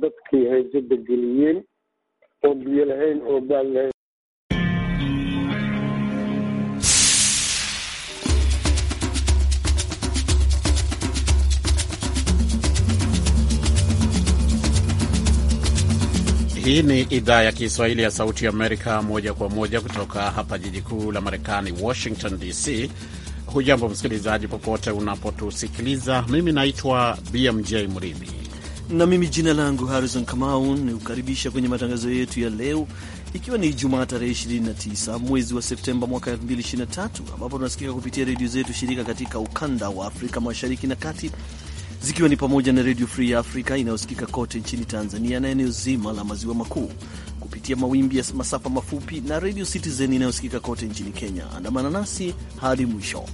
dadkii haysada geliyeen oo biyo lahayn oo baal lahayn. Hii ni idhaa ya Kiswahili ya Sauti ya Amerika, moja kwa moja kutoka hapa jiji kuu la Marekani, Washington DC. Hujambo msikilizaji, popote unapotusikiliza. Mimi naitwa BMJ Mridhi na mimi jina langu Harrison Kamau ni kukaribisha kwenye matangazo yetu ya leo, ikiwa ni Ijumaa tarehe 29 mwezi wa Septemba mwaka 2023 ambapo tunasikika kupitia redio zetu shirika katika ukanda wa Afrika mashariki na kati zikiwa ni pamoja na Redio Free Africa inayosikika kote nchini Tanzania na eneo zima la maziwa makuu kupitia mawimbi ya masafa mafupi na Redio Citizen inayosikika kote nchini Kenya. Andamana nasi hadi mwisho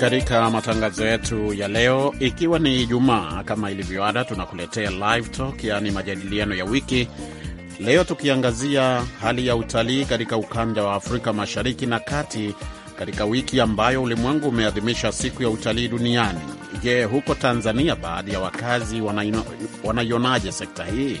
katika matangazo yetu ya leo, ikiwa ni Ijumaa, kama ilivyoada, tunakuletea live talk, yaani majadiliano ya wiki. Leo tukiangazia hali ya utalii katika ukanda wa Afrika Mashariki na Kati katika wiki ambayo ulimwengu umeadhimisha siku ya utalii duniani. Je, huko Tanzania baadhi ya wakazi wanaionaje sekta hii?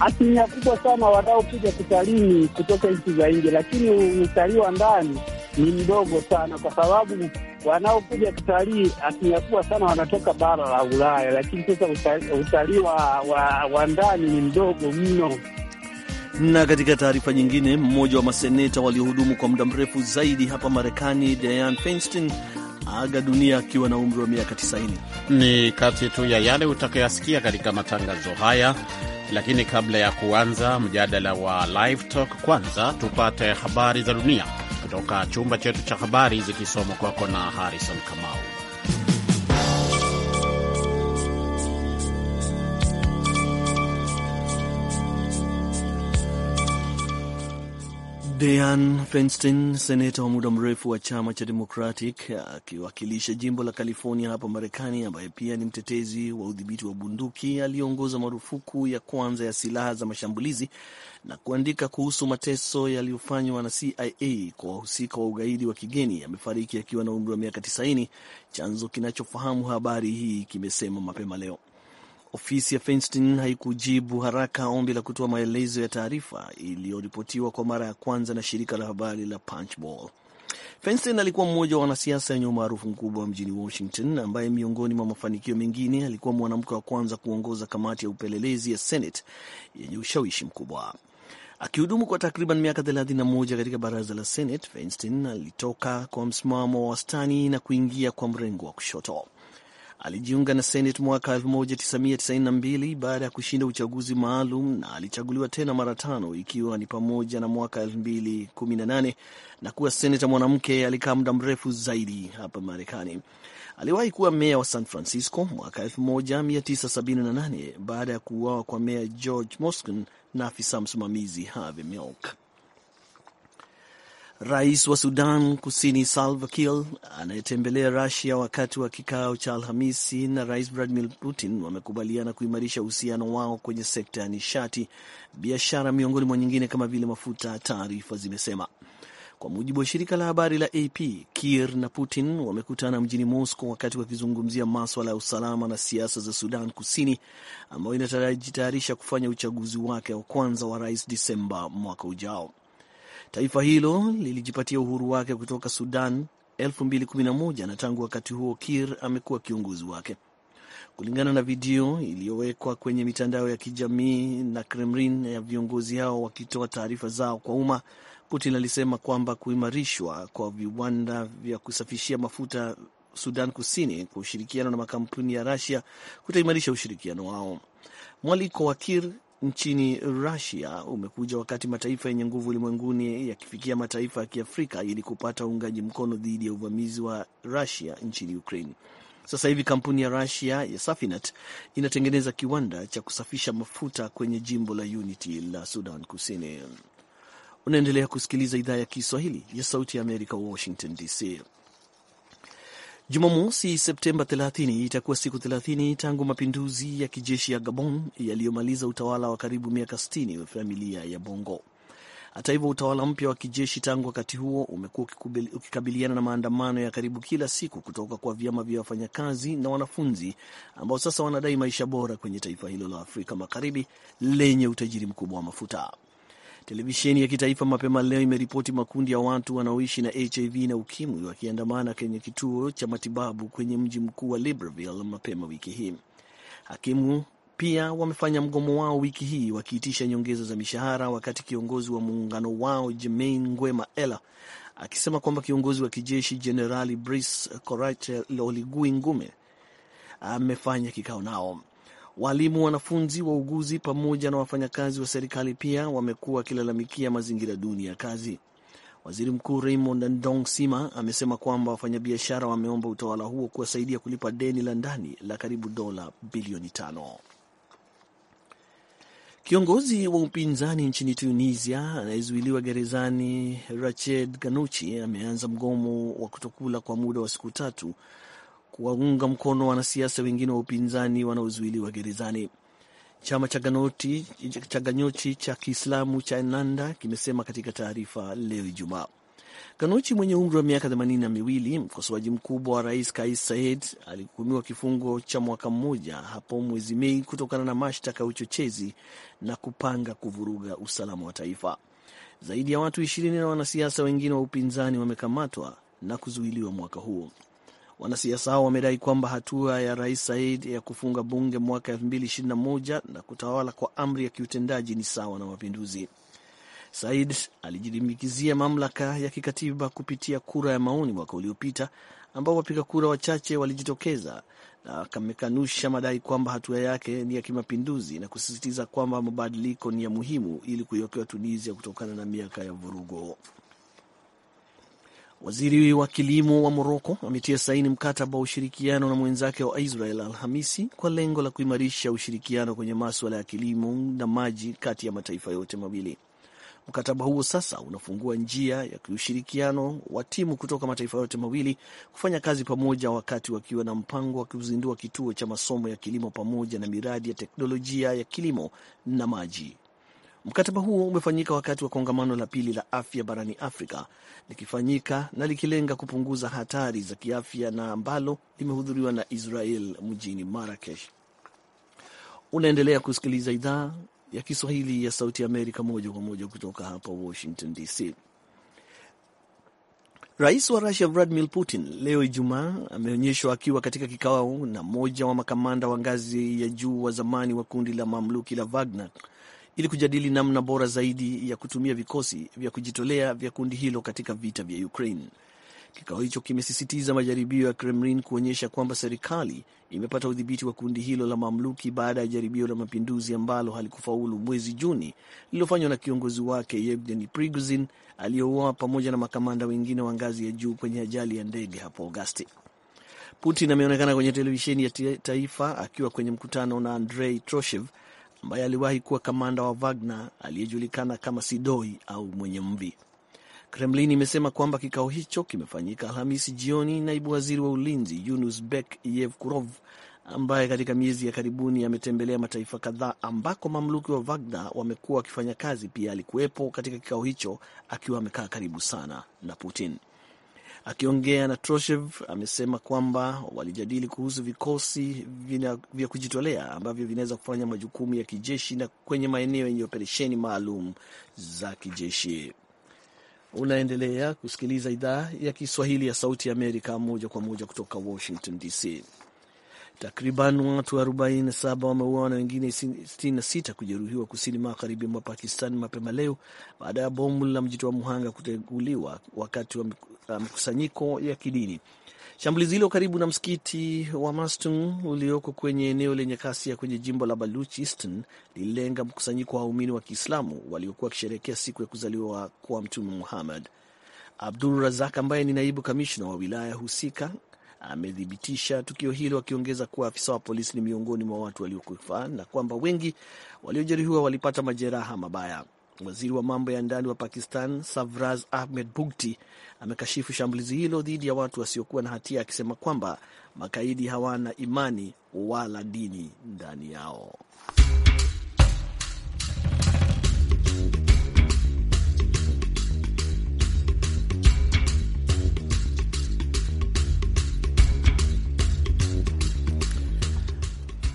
Asilimia kubwa sana wanaokuja kutalii kutoka nchi za nje, lakini utalii wa ndani ni mdogo sana, kwa sababu wanaokuja kutalii asilimia kubwa sana wanatoka bara la Ulaya, lakini sasa utalii wa, wa, wa ndani ni mdogo mno. Na katika taarifa nyingine, mmoja wa maseneta waliohudumu kwa muda mrefu zaidi hapa Marekani, Dianne Feinstein aga dunia akiwa na umri wa miaka 90. Ni kati tu ya yale utakayasikia katika matangazo haya, lakini kabla ya kuanza mjadala wa Live Talk, kwanza tupate habari za dunia kutoka chumba chetu cha habari zikisomwa kwako na Harrison Kamau. Dianne Feinstein, seneta wa muda mrefu wa chama cha Democratic akiwakilisha jimbo la California hapa Marekani, ambaye pia ni mtetezi wa udhibiti wa bunduki, aliongoza marufuku ya kwanza ya silaha za mashambulizi na kuandika kuhusu mateso yaliyofanywa na CIA kwa wahusika wa ugaidi wa kigeni amefariki akiwa na umri wa miaka 90, chanzo kinachofahamu habari hii kimesema mapema leo. Ofisi ya Feinstein haikujibu haraka ombi la kutoa maelezo ya taarifa iliyoripotiwa kwa mara ya kwanza na shirika la habari la Punchbowl. Feinstein alikuwa mmoja wa wanasiasa wenye umaarufu mkubwa mjini Washington, ambaye miongoni mwa mafanikio mengine alikuwa mwanamke wa kwanza kuongoza kamati ya upelelezi ya Senate yenye ushawishi mkubwa. Akihudumu kwa takriban miaka 31 katika baraza la Senate, Feinstein alitoka kwa msimamo wa wastani na kuingia kwa mrengo wa kushoto. Alijiunga na Senate mwaka 1992 baada ya kushinda uchaguzi maalum na alichaguliwa tena mara tano, ikiwa ni pamoja na mwaka 2018 na kuwa senata mwanamke alikaa muda mrefu zaidi hapa Marekani. Aliwahi kuwa meya wa San Francisco mwaka 1978 baada ya kuuawa kwa meya George Moscon na afisa msimamizi Harvey Milk. Rais wa Sudan Kusini Salva Kiir anayetembelea rusia wakati wa kikao cha Alhamisi na Rais Vladimir Putin wamekubaliana kuimarisha uhusiano wao kwenye sekta ya nishati, biashara, miongoni mwa nyingine kama vile mafuta, taarifa zimesema. Kwa mujibu wa shirika la habari la AP, Kiir na Putin wamekutana mjini Moscow wakati wakizungumzia maswala ya usalama na siasa za Sudan Kusini, ambayo inajitayarisha kufanya uchaguzi wake wa kwanza wa rais Desemba mwaka ujao. Taifa hilo lilijipatia uhuru wake kutoka Sudan 2011 na tangu wakati huo Kiir amekuwa kiongozi wake. Kulingana na video iliyowekwa kwenye mitandao ya kijamii na Kremlin ya viongozi hao wakitoa taarifa zao kwa umma, Putin alisema kwamba kuimarishwa kwa viwanda vya kusafishia mafuta Sudan Kusini kwa ushirikiano na makampuni ya rasia kutaimarisha ushirikiano wao. Mwaliko wa Kir nchini rasia umekuja wakati mataifa yenye nguvu ulimwenguni yakifikia mataifa ya Kiafrika ili kupata uungaji mkono dhidi ya uvamizi wa rasia nchini Ukraine. Sasa hivi kampuni ya rasia ya Safinat inatengeneza kiwanda cha kusafisha mafuta kwenye jimbo la Unity la Sudan Kusini. Unaendelea kusikiliza idhaa ya Kiswahili ya Sauti ya Amerika, Washington DC. Jumamosi Septemba 30 itakuwa siku 30 tangu mapinduzi ya kijeshi ya Gabon yaliyomaliza utawala wa karibu miaka 60 wa familia ya Bongo. Hata hivyo, utawala mpya wa kijeshi tangu wakati huo umekuwa ukikabiliana na maandamano ya karibu kila siku kutoka kwa vyama vya wafanyakazi na wanafunzi ambao sasa wanadai maisha bora kwenye taifa hilo la Afrika Magharibi lenye utajiri mkubwa wa mafuta. Televisheni ya kitaifa mapema leo imeripoti makundi ya watu wanaoishi na HIV na ukimwi wakiandamana kwenye kituo cha matibabu kwenye mji mkuu wa Libreville mapema wiki hii. Hakimu pia wamefanya mgomo wao wiki hii wakiitisha nyongeza za mishahara, wakati kiongozi wa muungano wao jemain Ngwema Ela akisema kwamba kiongozi wa kijeshi Jenerali Brice Korache Oligui Nguema amefanya kikao nao. Walimu, wanafunzi, wauguzi pamoja na wafanyakazi wa serikali pia wamekuwa wakilalamikia mazingira duni ya kazi. Waziri Mkuu Raymond Ndong Sima amesema kwamba wafanyabiashara wameomba utawala huo kuwasaidia kulipa deni la ndani la karibu dola bilioni tano. Kiongozi wa upinzani nchini Tunisia anayezuiliwa gerezani Rached Ghannouchi ameanza mgomo wa kutokula kwa muda wa siku tatu kuwaunga mkono wanasiasa wengine wa upinzani wanaozuiliwa gerezani. Chama cha Ganyochi cha Kiislamu cha Nanda kimesema katika taarifa leo Ijumaa. ganochi mwenye umri wa miaka themanini na miwili, mkosoaji mkubwa wa rais Kais Saied, alihukumiwa kifungo cha mwaka mmoja hapo mwezi Mei kutokana na mashtaka ya uchochezi na kupanga kuvuruga usalama wa taifa. Zaidi ya watu ishirini na wanasiasa wengine wa upinzani wamekamatwa na kuzuiliwa mwaka huo. Wanasiasa hao wamedai kwamba hatua ya Rais Said ya kufunga bunge mwaka 2021 na kutawala kwa amri ya kiutendaji ni sawa na mapinduzi. Said alijilimbikizia mamlaka ya kikatiba kupitia kura ya maoni mwaka uliopita, ambao wapiga kura wachache walijitokeza, na akamekanusha madai kwamba hatua yake ni ya kimapinduzi na kusisitiza kwamba mabadiliko ni ya muhimu ili kuiokoa Tunisia kutokana na miaka ya vurugo. Waziri wa kilimo wa Moroko ametia saini mkataba wa ushirikiano na mwenzake wa Israel Alhamisi kwa lengo la kuimarisha ushirikiano kwenye maswala ya kilimo na maji kati ya mataifa yote mawili. Mkataba huo sasa unafungua njia ya ushirikiano wa timu kutoka mataifa yote mawili kufanya kazi pamoja, wakati wakiwa na mpango wa kuzindua kituo cha masomo ya kilimo pamoja na miradi ya teknolojia ya kilimo na maji Mkataba huo umefanyika wakati wa kongamano la pili la afya barani Afrika likifanyika na likilenga kupunguza hatari za kiafya na ambalo limehudhuriwa na Israel mjini Marakesh. Unaendelea kusikiliza idhaa ya Kiswahili ya Sauti Amerika moja kwa moja kutoka hapa Washington DC. Rais wa Rusia Vladimir Putin leo Ijumaa ameonyeshwa akiwa katika kikao na mmoja wa makamanda wa ngazi ya juu wa zamani wa kundi la mamluki la Wagner ili kujadili namna bora zaidi ya kutumia vikosi vya kujitolea vya kundi hilo katika vita vya Ukraine. Kikao hicho kimesisitiza majaribio ya Kremlin kuonyesha kwamba serikali imepata udhibiti wa kundi hilo la mamluki baada ya jaribio la mapinduzi ambalo halikufaulu mwezi Juni, lililofanywa na kiongozi wake Yevgeny Prigozhin aliyeuawa pamoja na makamanda wengine wa ngazi ya juu kwenye ajali ya ndege hapo Agosti. Putin ameonekana kwenye televisheni ya taifa akiwa kwenye mkutano na Andrei Troshev ambaye aliwahi kuwa kamanda wa Wagner aliyejulikana kama Sidoi au mwenye mvi. Kremlin imesema kwamba kikao hicho kimefanyika Alhamisi jioni. Naibu waziri wa ulinzi Yunus Bek Yevkurov, ambaye katika miezi ya karibuni ametembelea mataifa kadhaa ambako mamluki wa Wagner wamekuwa wakifanya kazi, pia alikuwepo katika kikao hicho akiwa amekaa karibu sana na Putin. Akiongea na Troshev amesema kwamba walijadili kuhusu vikosi vina, vya kujitolea ambavyo vinaweza kufanya majukumu ya kijeshi na kwenye maeneo yenye operesheni maalum za kijeshi. Unaendelea kusikiliza idhaa ya Kiswahili ya Sauti ya Amerika moja kwa moja kutoka Washington DC. Takriban watu 47 wameuawa na wengine 66 kujeruhiwa kusini magharibi mwa Pakistan mapema leo baada ya bomu la mjitoa muhanga kuteguliwa wakati wa mkusanyiko ya kidini. Shambulizi hilo karibu na msikiti wa mastung ulioko kwenye eneo lenye ya kwenye jimbo la Baluchistan lililenga mkusanyiko wa waumini wa Kiislamu waliokuwa wakisherehekea siku ya kuzaliwa kwa Mtume Muhammad. Abdul Razak ambaye ni naibu kamishna wa wilaya husika amethibitisha tukio hilo, akiongeza kuwa afisa wa polisi ni miongoni mwa watu waliokufa na kwamba wengi waliojeruhiwa walipata majeraha mabaya. Waziri wa mambo ya ndani wa Pakistan Savraz Ahmed Bugti amekashifu shambulizi hilo dhidi ya watu wasiokuwa na hatia, akisema kwamba makaidi hawana imani wala dini ndani yao.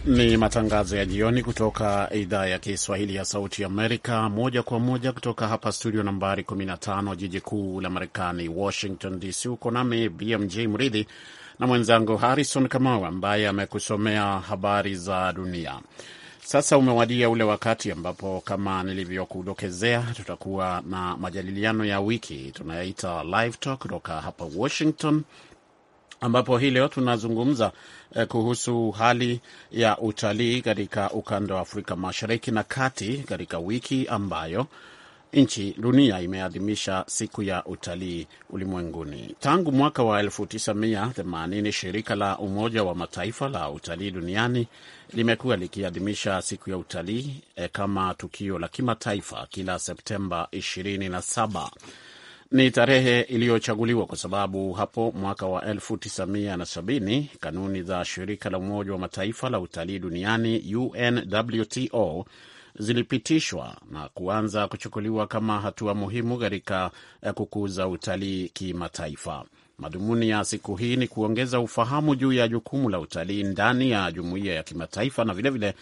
Ni matangazo ya jioni kutoka idhaa ya Kiswahili ya Sauti Amerika, moja kwa moja kutoka hapa studio nambari 15 jiji kuu la Marekani, Washington DC. Uko nami BMJ Mridhi na mwenzangu Harrison Kamau ambaye amekusomea habari za dunia. Sasa umewadia ule wakati ambapo kama nilivyokudokezea, tutakuwa na majadiliano ya wiki tunayaita Live Talk kutoka hapa Washington, ambapo hii leo tunazungumza Eh, kuhusu hali ya utalii katika ukanda wa Afrika Mashariki na Kati katika wiki ambayo nchi dunia imeadhimisha siku ya utalii ulimwenguni. Tangu mwaka wa 1980 shirika la Umoja wa Mataifa la utalii duniani limekuwa likiadhimisha siku ya utalii eh, kama tukio la kimataifa kila Septemba 27 ni tarehe iliyochaguliwa kwa sababu hapo mwaka wa 1970 kanuni za shirika la Umoja wa Mataifa la utalii duniani UNWTO zilipitishwa na kuanza kuchukuliwa kama hatua muhimu katika eh, kukuza utalii kimataifa. Madhumuni ya siku hii ni kuongeza ufahamu juu ya jukumu la utalii ndani ya jumuiya ya kimataifa na vilevile vile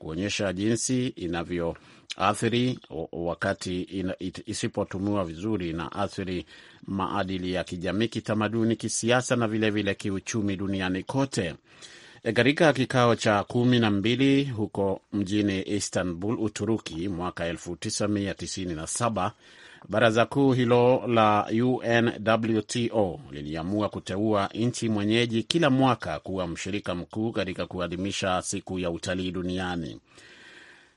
kuonyesha jinsi inavyo athiri wakati ina, isipotumiwa vizuri na athiri maadili ya kijamii, kitamaduni, kisiasa na vilevile vile kiuchumi duniani kote. E, katika kikao cha kumi na mbili huko mjini Istanbul, Uturuki, mwaka saba Baraza kuu hilo la UNWTO liliamua kuteua nchi mwenyeji kila mwaka kuwa mshirika mkuu katika kuadhimisha siku ya utalii duniani.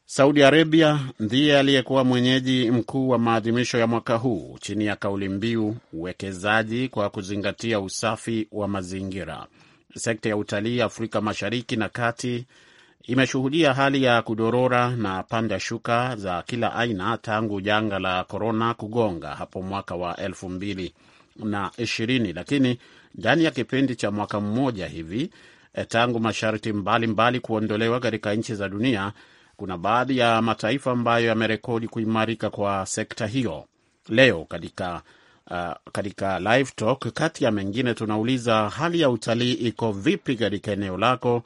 Saudi Arabia ndiye aliyekuwa mwenyeji mkuu wa maadhimisho ya mwaka huu chini ya kauli mbiu uwekezaji kwa kuzingatia usafi wa mazingira. Sekta ya utalii Afrika Mashariki na Kati imeshuhudia hali ya kudorora na panda shuka za kila aina tangu janga la korona kugonga hapo mwaka wa elfu mbili na ishirini, lakini ndani ya kipindi cha mwaka mmoja hivi e, tangu masharti mbalimbali mbali kuondolewa katika nchi za dunia, kuna baadhi ya mataifa ambayo yamerekodi kuimarika kwa sekta hiyo. Leo katika uh, katika live talk, kati ya mengine tunauliza hali ya utalii iko vipi katika eneo lako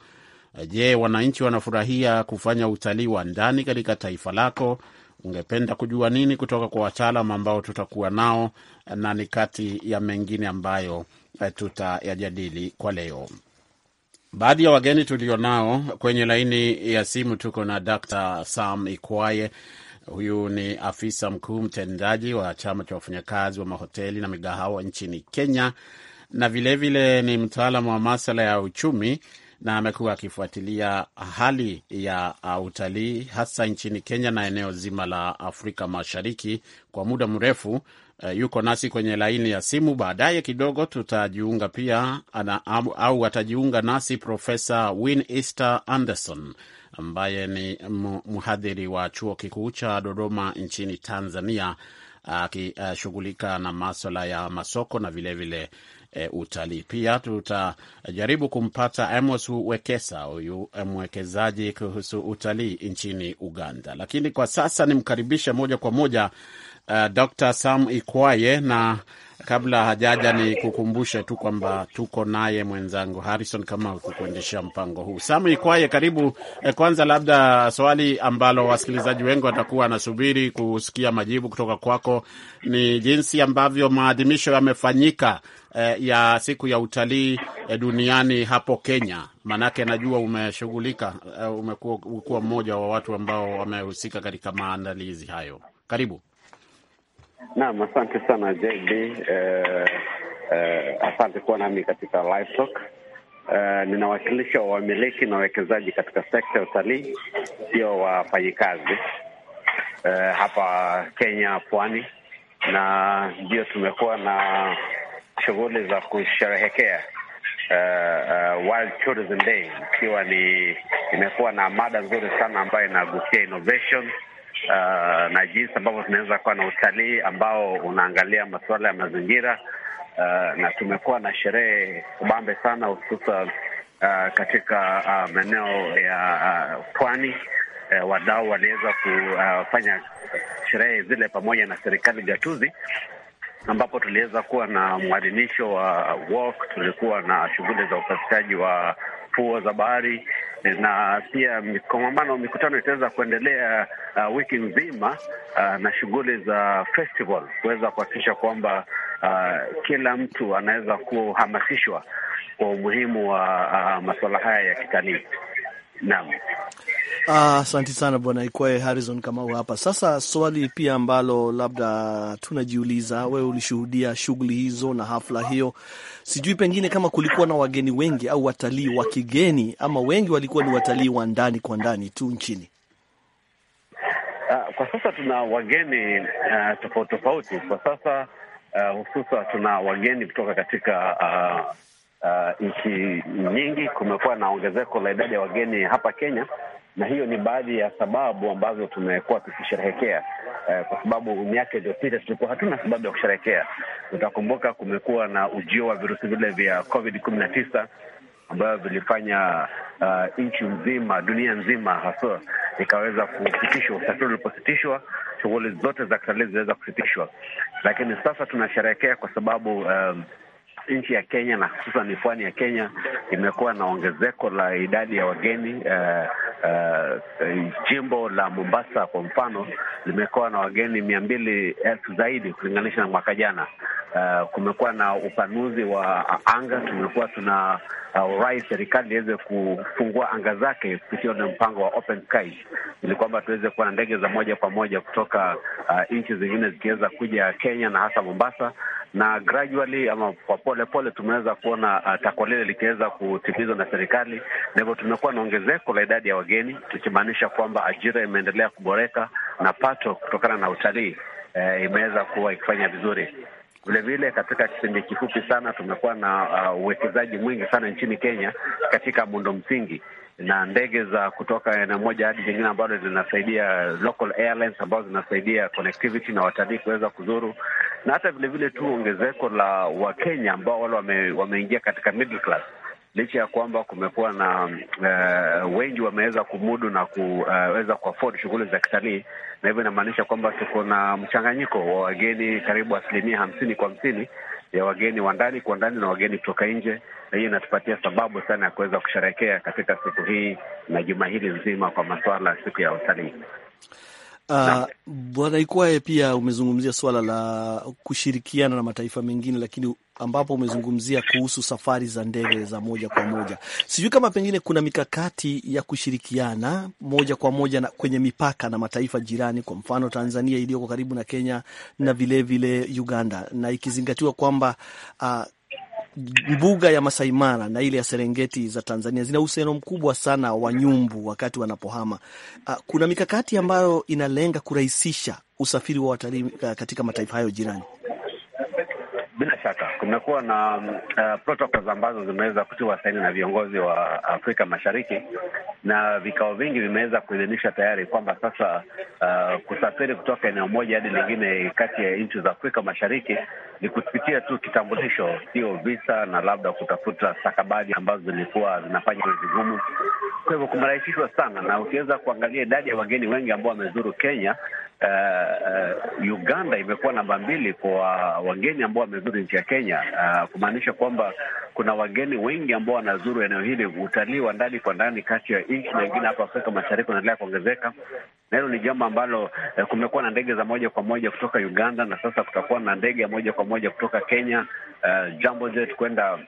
Je, wananchi wanafurahia kufanya utalii wa ndani katika taifa lako? Ungependa kujua nini kutoka kwa wataalam ambao tutakuwa nao, na ni kati ya mengine ambayo eh, tutayajadili kwa leo. Baadhi ya wageni tulio nao kwenye laini ya simu, tuko na Dr. Sam Ikwaye. Huyu ni afisa mkuu mtendaji wa chama cha wafanyakazi wa mahoteli na migahawa nchini Kenya, na vilevile vile ni mtaalamu wa masala ya uchumi na amekuwa akifuatilia hali ya uh, utalii hasa nchini Kenya na eneo zima la Afrika Mashariki kwa muda mrefu. Uh, yuko nasi kwenye laini ya simu. Baadaye kidogo tutajiunga pia ana, au, au atajiunga nasi Profesa Win Easter Anderson ambaye ni mhadhiri wa chuo kikuu cha Dodoma nchini Tanzania akishughulika uh, na maswala ya masoko na vilevile vile e, utalii. Pia tutajaribu kumpata Amos Wekesa, huyu mwekezaji kuhusu utalii nchini Uganda, lakini kwa sasa nimkaribishe moja kwa moja uh, e, Dr. Sam Ikwaye na kabla hajaja ni kukumbushe tu kwamba tuko naye mwenzangu Harrison kama kukuendeshea mpango huu. Sam Ikwaye, karibu. E, kwanza labda swali ambalo wasikilizaji wengi watakuwa wanasubiri kusikia majibu kutoka kwako ni jinsi ambavyo maadhimisho yamefanyika eh, ya siku ya utalii eh, duniani hapo Kenya? Maanake najua umeshughulika, eh, umekuwa mmoja wa watu ambao wamehusika katika maandalizi hayo. Karibu. Naam, asante sana JB. Eh, eh, asante kuwa nami katika live talk. Uh, ninawakilisha wamiliki na wawekezaji katika sekta ya utalii, sio wafanyikazi uh, hapa Kenya pwani, na ndio tumekuwa na shughuli za kusherehekea uh, uh, World Tourism Day, ikiwa ni imekuwa na mada nzuri sana ambayo inagusia innovation uh, na jinsi ambavyo tunaweza kuwa na utalii ambao unaangalia masuala ya mazingira uh, na tumekuwa na sherehe kubambe sana hususan uh, katika uh, maeneo ya uh, pwani uh, wadau waliweza kufanya uh, sherehe zile pamoja na serikali gatuzi ambapo tuliweza kuwa na mwadhimisho wa walk, tulikuwa na shughuli za upasishaji wa fuo za bahari na pia kongamano, mikutano itaweza kuendelea uh, wiki nzima uh, na shughuli za festival kuweza kuhakikisha kwamba uh, kila mtu anaweza kuhamasishwa kwa umuhimu wa uh, masuala haya ya kitalii. Naam. Asanti ah, sana bwana Ikwae Harrison Kamau hapa. Sasa swali pia ambalo labda tunajiuliza, wewe ulishuhudia shughuli hizo na hafla hiyo, sijui pengine kama kulikuwa na wageni wengi au watalii wa kigeni, ama wengi walikuwa ni watalii wa ndani kwa ndani tu nchini? Ah, kwa sasa tuna wageni uh, tofauti tofauti. Kwa sasa uh, hususa tuna wageni kutoka katika uh, uh, nchi nyingi. Kumekuwa na ongezeko la idadi ya wageni hapa Kenya na hiyo ni baadhi ya sababu ambazo tumekuwa tukisherehekea eh, kwa sababu miaka iliyopita tulikuwa hatuna sababu ya kusherehekea. Utakumbuka kumekuwa na ujio wa virusi vile vya COVID kumi na tisa ambayo vilifanya uh, nchi nzima, dunia nzima haswa ikaweza kusitishwa. Usafiri ulipositishwa, shughuli zote za kitalii ziliweza kusitishwa, lakini sasa tunasherehekea kwa sababu um, nchi ya Kenya na hususan pwani ya Kenya imekuwa na ongezeko la idadi ya wageni uh, uh, jimbo la Mombasa kwa mfano limekuwa na wageni mia mbili elfu zaidi kulinganisha na mwaka jana. Uh, kumekuwa na upanuzi wa anga, tumekuwa tuna uh, serikali iweze kufungua anga zake kupitia ule mpango wa Open ili kwamba tuweze kuwa na ndege za moja kwa moja kutoka uh, nchi zingine zikiweza kuja Kenya na hasa Mombasa na gradually ama kwa pole polepole tumeweza kuona uh, takwa lile likiweza kutimizwa na serikali, na hivyo tumekuwa na ongezeko la idadi ya wageni, tukimaanisha kwamba ajira imeendelea kuboreka na pato kutokana na utalii uh, imeweza kuwa ikifanya vizuri. Vilevile katika kipindi kifupi sana tumekuwa na uh, uwekezaji mwingi sana nchini Kenya katika muundo msingi na ndege za kutoka eneo moja hadi jingine ambalo linasaidia local airlines ambazo zinasaidia connectivity na watalii kuweza kuzuru, na hata vilevile tu ongezeko la Wakenya ambao wale wame, wameingia katika middle class licha ya kwamba kumekuwa na uh, wengi wameweza kumudu na kuweza eh, uh, kuafford shughuli za kitalii, na hivyo inamaanisha kwamba tuko na mchanganyiko wa wageni karibu asilimia hamsini kwa hamsini ya wageni wa ndani kwa ndani na wageni kutoka nje, na hiyo inatupatia sababu sana ya kuweza kusherehekea katika siku hii na juma hili nzima kwa masuala ya siku ya utalii. Uh, Bwana Ikwaye, pia umezungumzia swala la kushirikiana na mataifa mengine, lakini ambapo umezungumzia kuhusu safari za ndege za moja kwa moja, sijui kama pengine kuna mikakati ya kushirikiana moja kwa moja na kwenye mipaka na mataifa jirani, kwa mfano Tanzania iliyoko karibu na Kenya na vilevile vile Uganda, na ikizingatiwa kwamba uh, mbuga ya Masai Mara na ile ya Serengeti za Tanzania zina uhusiano mkubwa sana wa nyumbu wakati wanapohama. Uh, kuna mikakati ambayo inalenga kurahisisha usafiri wa watalii ah, katika mataifa hayo jirani kumekuwa na uh, protocols ambazo zimeweza kutiwa saini na viongozi wa Afrika Mashariki na vikao vingi vimeweza kuidhinisha tayari kwamba sasa uh, kusafiri kutoka eneo moja hadi lingine kati ya nchi za Afrika Mashariki ni kupitia tu kitambulisho, sio visa na labda kutafuta stakabadhi ambazo zilikuwa zinafanya vigumu. Kwa hivyo kumerahisishwa sana, na ukiweza kuangalia idadi ya wageni wengi ambao wamezuru Kenya uh, uh, Uganda imekuwa namba mbili kwa wageni ambao wamezuru nchi ya Kenya, uh, kumaanisha kwamba kuna wageni wengi ambao wanazuru eneo hili. Utalii wa ndani kwa ndani kati ya nchi na wengine hapa Afrika Mashariki unaendelea kuongezeka, na hilo ni jambo ambalo uh, kumekuwa na ndege za moja kwa moja kutoka Uganda na sasa kutakuwa na ndege ya moja kwa moja kutoka Kenya, uh, Jambojet kwenda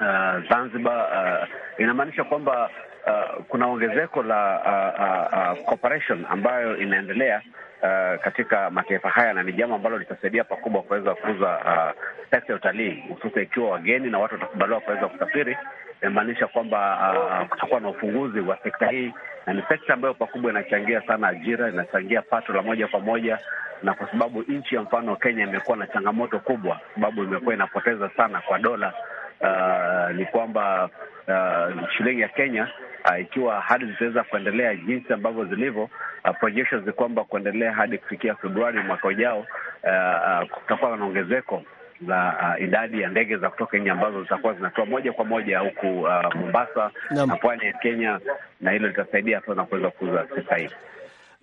Uh, Zanzibar uh, inamaanisha kwamba uh, kuna ongezeko la uh, uh, uh, cooperation ambayo inaendelea uh, katika mataifa haya na ni jambo ambalo litasaidia pakubwa kuweza kukuza uh, sekta ya utalii, hususa ikiwa wageni na watu watakubaliwa kuweza kusafiri, inamaanisha kwamba uh, kutakuwa na ufunguzi wa sekta hii, na ni sekta ambayo pakubwa inachangia sana ajira, inachangia pato la moja kwa moja na kwa sababu nchi ya mfano Kenya imekuwa na changamoto kubwa, sababu imekuwa inapoteza sana kwa dola uh, ni kwamba uh, shilingi ya Kenya uh, ikiwa hadi zitaweza kuendelea jinsi ambavyo zilivyo, uh, projections ni kwamba kuendelea hadi kufikia Februari mwaka ujao, uh, uh, kutakuwa na ongezeko la uh, idadi ya ndege za kutoka Kenya ambazo zitakuwa zinatoa moja kwa moja huku uh, Mombasa na pwani ya Kenya, na hilo litasaidia sana kuweza kuuza sekta hii.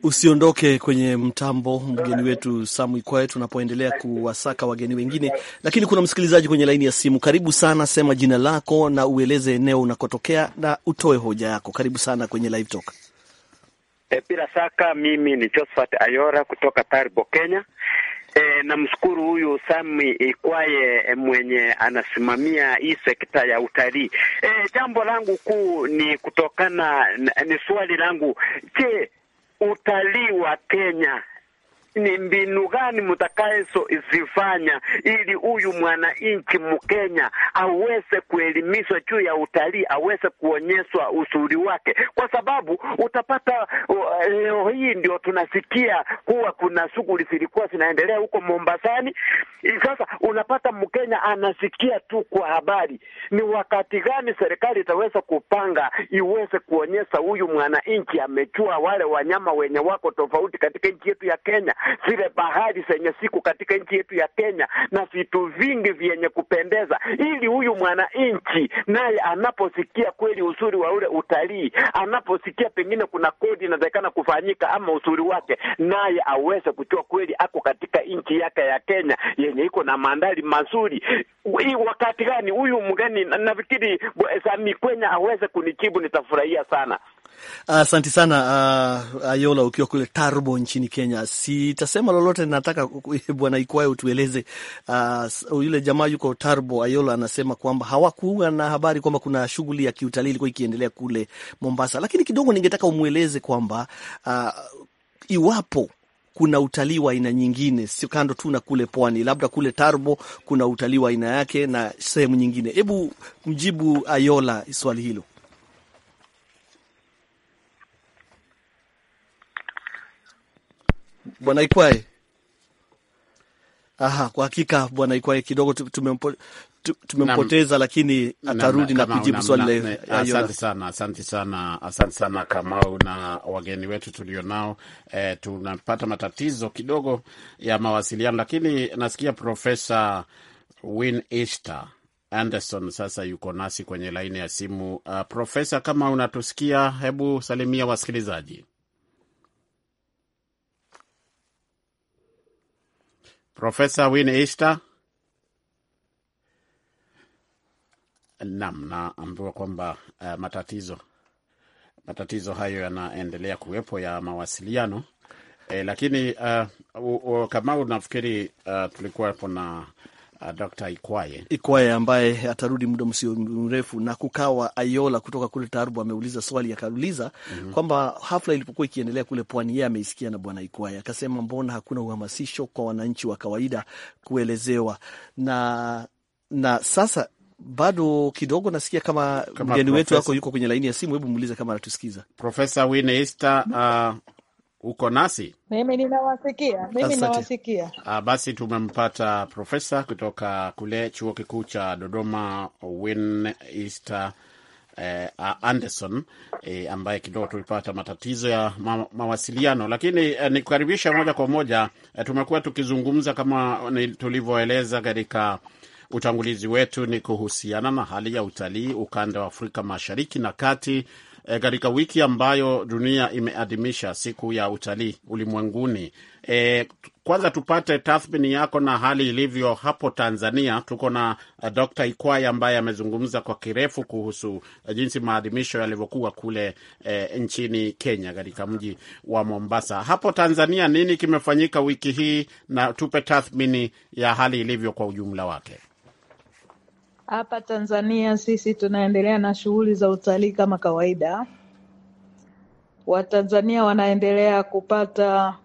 Usiondoke kwenye mtambo, mgeni wetu Samu Ikwae, tunapoendelea kuwasaka wageni wengine. Lakini kuna msikilizaji kwenye laini ya simu. Karibu sana, sema jina lako na ueleze eneo unakotokea na utoe hoja yako. Karibu sana kwenye Live Talk. E, bila shaka mimi ni Josephat Ayora kutoka Taribo, Kenya. E, namshukuru huyu Sami Ikwaye eh, mwenye anasimamia hii sekta ya utalii. E, jambo langu kuu ni kutokana ni swali langu, je, utalii wa Kenya ni mbinu gani mtakazo izifanya ili huyu mwananchi Mkenya aweze kuelimishwa juu ya utalii, aweze kuonyeshwa uzuri wake, kwa sababu utapata leo hii ndio tunasikia kuwa kuna shughuli zilikuwa zinaendelea huko Mombasani. Sasa unapata Mkenya anasikia tu kwa habari. Ni wakati gani serikali itaweza kupanga iweze kuonyesha huyu mwananchi amechua wale wanyama wenye wako tofauti katika nchi yetu ya Kenya, zile bahari zenye siku katika nchi yetu ya Kenya na vitu vingi vyenye kupendeza, ili huyu mwananchi naye anaposikia kweli uzuri wa ule utalii, anaposikia pengine kuna kodi inawezekana kufanyika ama uzuri wake, naye aweze kujua kweli ako katika nchi yake ya Kenya yenye iko na mandhari mazuri. Wakati gani huyu mgeni, nafikiri Sami Kwenya aweze kunijibu, nitafurahia sana. Asante uh, sana uh, Ayola, ukiwa kule Tarbo nchini Kenya. Sitasema lolote, nataka bwana Ikwayo utueleze uh, yule jamaa yuko Tarbo. Ayola anasema kwamba hawakuwa na habari kwamba kuna shughuli ya kiutalii ilikuwa ikiendelea kule Mombasa, lakini kidogo ningetaka umweleze kwamba uh, iwapo kuna utalii wa aina nyingine, sio kando tu na kule pwani, labda kule Tarbo kuna utalii wa aina yake na sehemu nyingine. Hebu mjibu Ayola swali hilo. Bwana Ikwae. Aha, kwa hakika Bwana Ikwae kidogo tumempo tumempoteza lakini atarudi na kujibu swali la asante sana, asante sana, asante sana Kamau na wageni wetu tulionao. E, tunapata matatizo kidogo ya mawasiliano, lakini nasikia Profesa Win Easter Anderson sasa yuko nasi kwenye laini ya simu. Uh, Profesa, kama unatusikia, hebu salimia wasikilizaji. Profesa Win Easter nam naambiwa kwamba uh, matatizo matatizo hayo yanaendelea kuwepo ya mawasiliano e, lakini uh, kama unafikiri uh, tulikuwa hapo na uh, Dr. Ikwaye Ikwaye ambaye atarudi muda msio mrefu. Na kukawa Ayola kutoka kule tarbu ameuliza swali akauliza mm -hmm. kwamba hafla ilipokuwa ikiendelea kule pwani, yeye ameisikia na bwana Ikwaye akasema, mbona hakuna uhamasisho kwa wananchi wa kawaida kuelezewa na na sasa bado kidogo nasikia kama mgeni wetu ako yuko kwenye laini ya simu. Hebu muulize kama anatusikiza Profesa Winister. Uh, uko nasi? Mimi ninawasikia, mimi nawasikia. Ah, basi tumempata profesa kutoka kule chuo kikuu cha Dodoma Win Easter eh, Anderson eh, ambaye kidogo tulipata matatizo ya ma mawasiliano, lakini eh, nikukaribisha moja kwa moja eh, tumekuwa tukizungumza kama tulivyoeleza katika utangulizi wetu ni kuhusiana na hali ya utalii ukanda wa Afrika Mashariki na Kati Eh, katika e, wiki ambayo dunia imeadhimisha siku ya utalii ulimwenguni. E, kwanza tupate tathmini yako na hali ilivyo hapo Tanzania. Tuko na uh, eh, Dr. Ikwai ambaye amezungumza kwa kirefu kuhusu jinsi maadhimisho yalivyokuwa kule e, nchini Kenya katika mji wa Mombasa. Hapo Tanzania nini kimefanyika wiki hii, na tupe tathmini ya hali ilivyo kwa ujumla wake. Hapa Tanzania sisi tunaendelea na shughuli za utalii kama kawaida. Watanzania wanaendelea kupata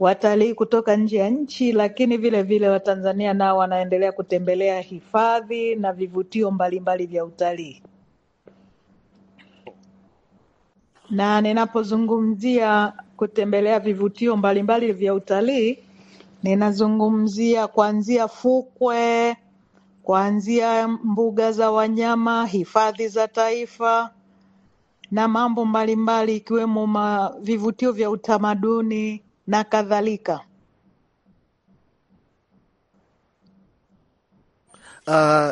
watalii kutoka nje ya nchi, lakini vile vile Watanzania nao wanaendelea kutembelea hifadhi na vivutio mbalimbali vya utalii. Na ninapozungumzia kutembelea vivutio mbalimbali vya utalii, ninazungumzia kuanzia fukwe kuanzia mbuga za wanyama hifadhi za taifa na mambo mbalimbali ikiwemo mbali, vivutio vya utamaduni na kadhalika. Uh,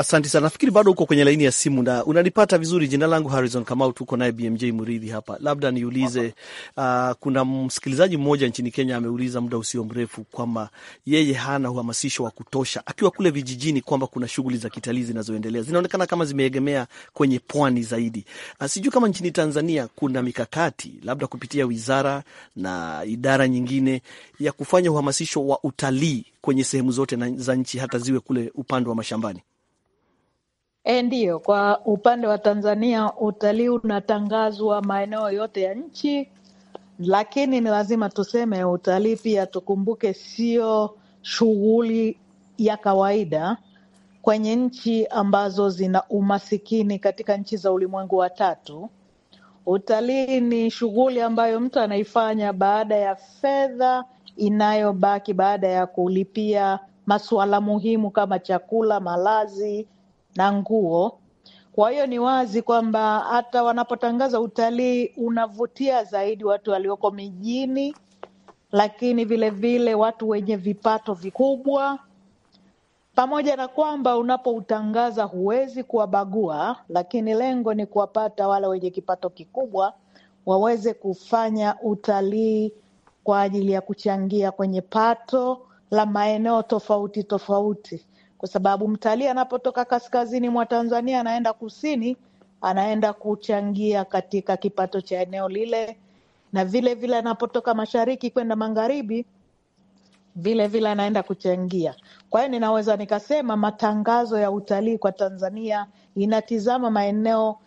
Asante sana. Nafikiri bado uko kwenye laini ya simu na unanipata vizuri. Jina langu Harrison Kamau, tuko naye BMJ Muridhi hapa. Labda niulize, uh, kuna msikilizaji mmoja nchini Kenya ameuliza muda usio mrefu kwamba yeye hana uhamasisho wa kutosha akiwa kule vijijini, kwamba kuna shughuli za kitalii zinazoendelea zinaonekana kama zimeegemea kwenye pwani zaidi. Uh, sijui kama nchini Tanzania kuna mikakati labda kupitia wizara na idara nyingine ya kufanya uhamasisho wa utalii kwenye sehemu zote za nchi, hata ziwe kule upande wa mashambani. E, eh, ndiyo, kwa upande wa Tanzania utalii unatangazwa maeneo yote ya nchi, lakini ni lazima tuseme utalii pia tukumbuke, sio shughuli ya kawaida kwenye nchi ambazo zina umasikini katika nchi za ulimwengu wa tatu. Utalii ni shughuli ambayo mtu anaifanya baada ya fedha inayobaki baada ya kulipia masuala muhimu kama chakula, malazi na nguo. Kwa hiyo ni wazi kwamba hata wanapotangaza utalii unavutia zaidi watu walioko mijini, lakini vilevile vile watu wenye vipato vikubwa, pamoja na kwamba unapoutangaza huwezi kuwabagua, lakini lengo ni kuwapata wale wenye kipato kikubwa waweze kufanya utalii kwa ajili ya kuchangia kwenye pato la maeneo tofauti tofauti kwa sababu mtalii anapotoka kaskazini mwa Tanzania anaenda kusini, anaenda kuchangia katika kipato cha eneo lile, na vile vile anapotoka mashariki kwenda magharibi vile vile anaenda kuchangia. Kwa hiyo ninaweza nikasema matangazo ya utalii kwa Tanzania inatizama maeneo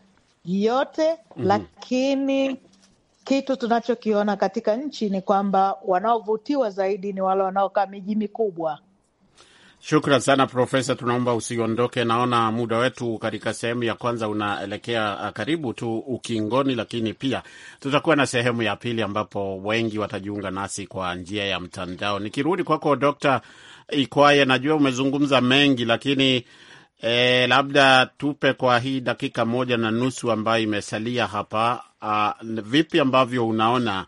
yote mm -hmm. Lakini kitu tunachokiona katika nchi ni kwamba wanaovutiwa zaidi ni wale wanaokaa miji mikubwa Shukran sana Profesa, tunaomba usiondoke. Naona muda wetu katika sehemu ya kwanza unaelekea uh, karibu tu ukingoni, lakini pia tutakuwa na sehemu ya pili ambapo wengi watajiunga nasi kwa njia ya mtandao. Nikirudi kwako kwa Ikwaye, najua umezungumza mengi, lakini e, labda tupe kwa hii dakika moja na nusu ambayo imesalia hapa, a, uh, vipi ambavyo unaona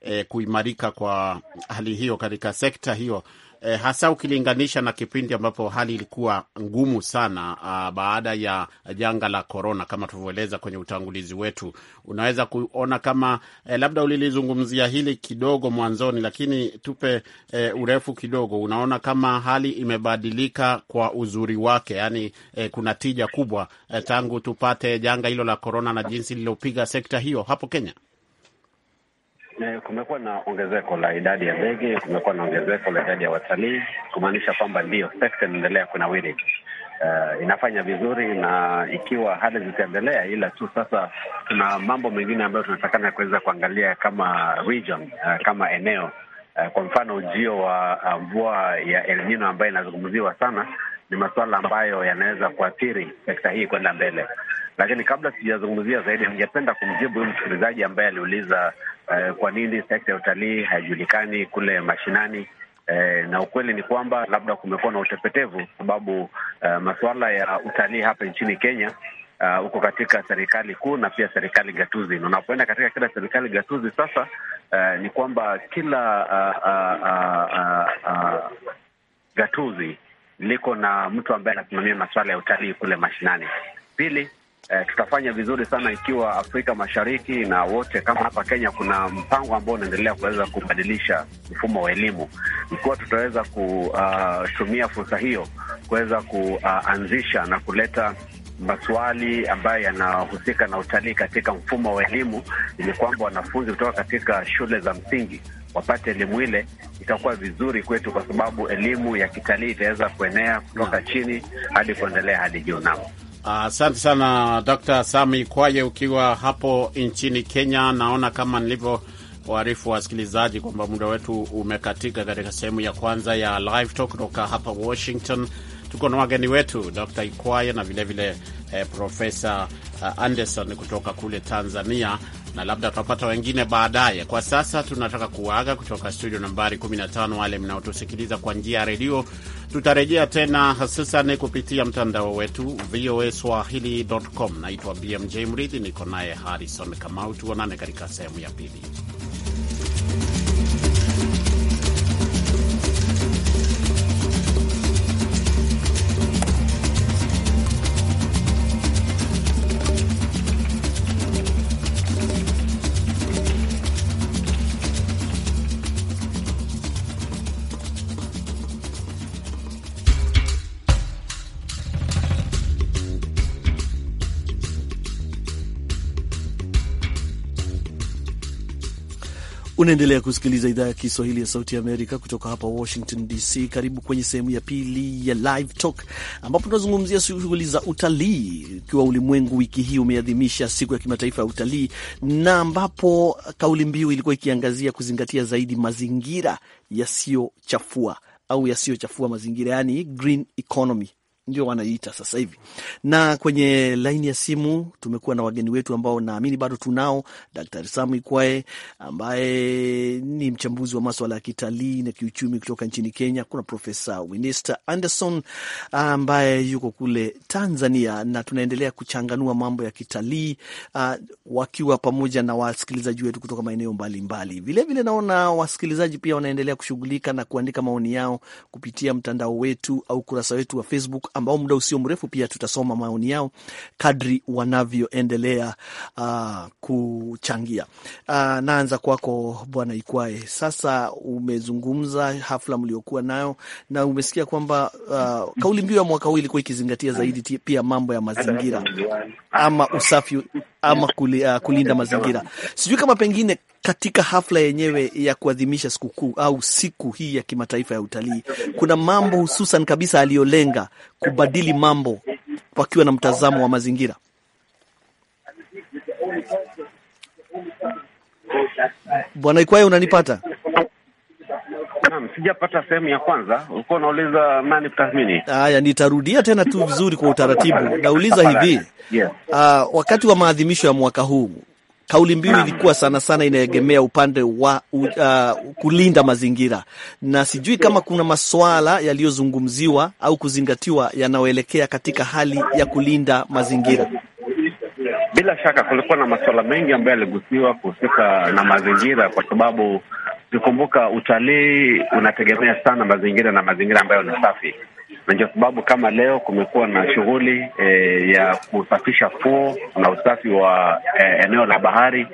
e, kuimarika kwa hali hiyo katika sekta hiyo eh, hasa ukilinganisha na kipindi ambapo hali ilikuwa ngumu sana ah, baada ya janga la korona kama tulivyoeleza kwenye utangulizi wetu. Unaweza kuona kama eh, labda ulilizungumzia hili kidogo mwanzoni, lakini tupe eh, urefu kidogo. Unaona kama hali imebadilika kwa uzuri wake, yani eh, kuna tija kubwa eh, tangu tupate janga hilo la korona na jinsi lililopiga sekta hiyo hapo Kenya? Eh, kumekuwa na ongezeko la idadi ya ndege, kumekuwa na ongezeko la idadi ya watalii, kumaanisha kwamba ndiyo sekta inaendelea kunawiri. Uh, inafanya vizuri na ikiwa hali zitaendelea, ila tu sasa tuna mambo mengine ambayo tunatakana kuweza kuangalia kama region, uh, kama eneo uh, kwa mfano ujio wa mvua ya El Nino ambayo inazungumziwa sana ni masuala ambayo yanaweza kuathiri sekta hii kwenda mbele. Lakini kabla sijazungumzia zaidi, ningependa kumjibu huyu msikilizaji ambaye aliuliza eh, kwa nini sekta ya utalii haijulikani kule mashinani. Eh, na ukweli ni kwamba labda kumekuwa na utepetevu sababu uh, masuala ya utalii hapa nchini Kenya uh, uko katika serikali kuu na pia serikali gatuzi, na unapoenda katika kila serikali gatuzi sasa, uh, ni kwamba kila uh, uh, uh, uh, uh, gatuzi liko na mtu ambaye anasimamia masuala ya utalii kule mashinani. Pili, eh, tutafanya vizuri sana ikiwa Afrika Mashariki na wote kama hapa Kenya kuna mpango ambao unaendelea kuweza kubadilisha mfumo wa elimu, ikiwa tutaweza kutumia uh, fursa hiyo kuweza kuanzisha uh, na kuleta maswali ambayo yanahusika na utalii katika mfumo wa elimu, ili kwamba wanafunzi kutoka katika shule za msingi wapate elimu ile, itakuwa vizuri kwetu, kwa sababu elimu ya kitalii itaweza kuenea kutoka chini hadi kuendelea hadi juu. Nao Asante uh, sana Dr. Sami Kwaye, ukiwa hapo nchini Kenya. Naona kama nilivyo waarifu wasikilizaji kwamba muda wetu umekatika katika sehemu ya kwanza ya live talk kutoka hapa Washington. Tuko na wageni wetu Dr. Ikwaye na vilevile eh, Profesa Anderson kutoka kule Tanzania, na labda tutapata wengine baadaye. Kwa sasa tunataka kuaga kutoka studio nambari 15. Wale mnaotusikiliza kwa njia ya redio, tutarejea tena hususan kupitia mtandao wetu VOA swahili.com. Naitwa BMJ Mridhi, niko naye Harrison Kamau. Tuonane katika sehemu ya pili. Unaendelea kusikiliza idhaa ya Kiswahili ya Sauti ya Amerika kutoka hapa Washington DC. Karibu kwenye sehemu ya pili ya Live Talk ambapo tunazungumzia shughuli za utalii, ikiwa ulimwengu wiki hii umeadhimisha siku ya kimataifa ya utalii, na ambapo kauli mbiu ilikuwa ikiangazia kuzingatia zaidi mazingira yasiyochafua au yasiyochafua mazingira, yaani green economy ndio wanaita sasa hivi. Na kwenye laini ya simu tumekuwa na wageni wetu ambao naamini bado tunao, Daktari Samu Ikwae ambaye ni mchambuzi wa maswala ya kitalii na kiuchumi kutoka nchini Kenya. Kuna Profesa Winista Anderson ambaye yuko kule Tanzania, na tunaendelea kuchanganua mambo ya kitalii uh, wakiwa pamoja na wasikilizaji wetu kutoka maeneo mbalimbali. Vilevile naona wasikilizaji pia wanaendelea kushughulika na kuandika maoni yao kupitia mtandao wetu au ukurasa wetu wa Facebook ambao muda usio mrefu pia tutasoma maoni yao kadri wanavyoendelea uh, kuchangia. Uh, naanza kwako Bwana Ikwae. Sasa umezungumza hafla mliokuwa nayo na umesikia kwamba uh, kauli mbiu ya mwaka huu ilikuwa ikizingatia zaidi pia mambo ya mazingira ama usafi ama uh, kulinda mazingira. Sijui kama pengine katika hafla yenyewe ya kuadhimisha sikukuu au siku hii ya kimataifa ya utalii, kuna mambo hususan kabisa aliyolenga kubadili mambo wakiwa na mtazamo wa mazingira? Bwana Ikwaye, unanipata? Naam, sijapata sehemu ya kwanza. Ulikuwa unauliza nani kutathmini? Haya, nitarudia tena tu vizuri kwa utaratibu. Nauliza hivi, yeah. Uh, wakati wa maadhimisho ya mwaka huu kauli mbiu ilikuwa sana sana inaegemea upande wa uh, kulinda mazingira, na sijui kama kuna maswala yaliyozungumziwa au kuzingatiwa yanayoelekea katika hali ya kulinda mazingira. Bila shaka kulikuwa na masuala mengi ambayo yaligusiwa kuhusika na mazingira, kwa sababu ukikumbuka, utalii unategemea sana mazingira na mazingira ambayo ni safi na ndio sababu kama leo kumekuwa na shughuli e, ya kusafisha fuo na usafi wa e, eneo la bahari,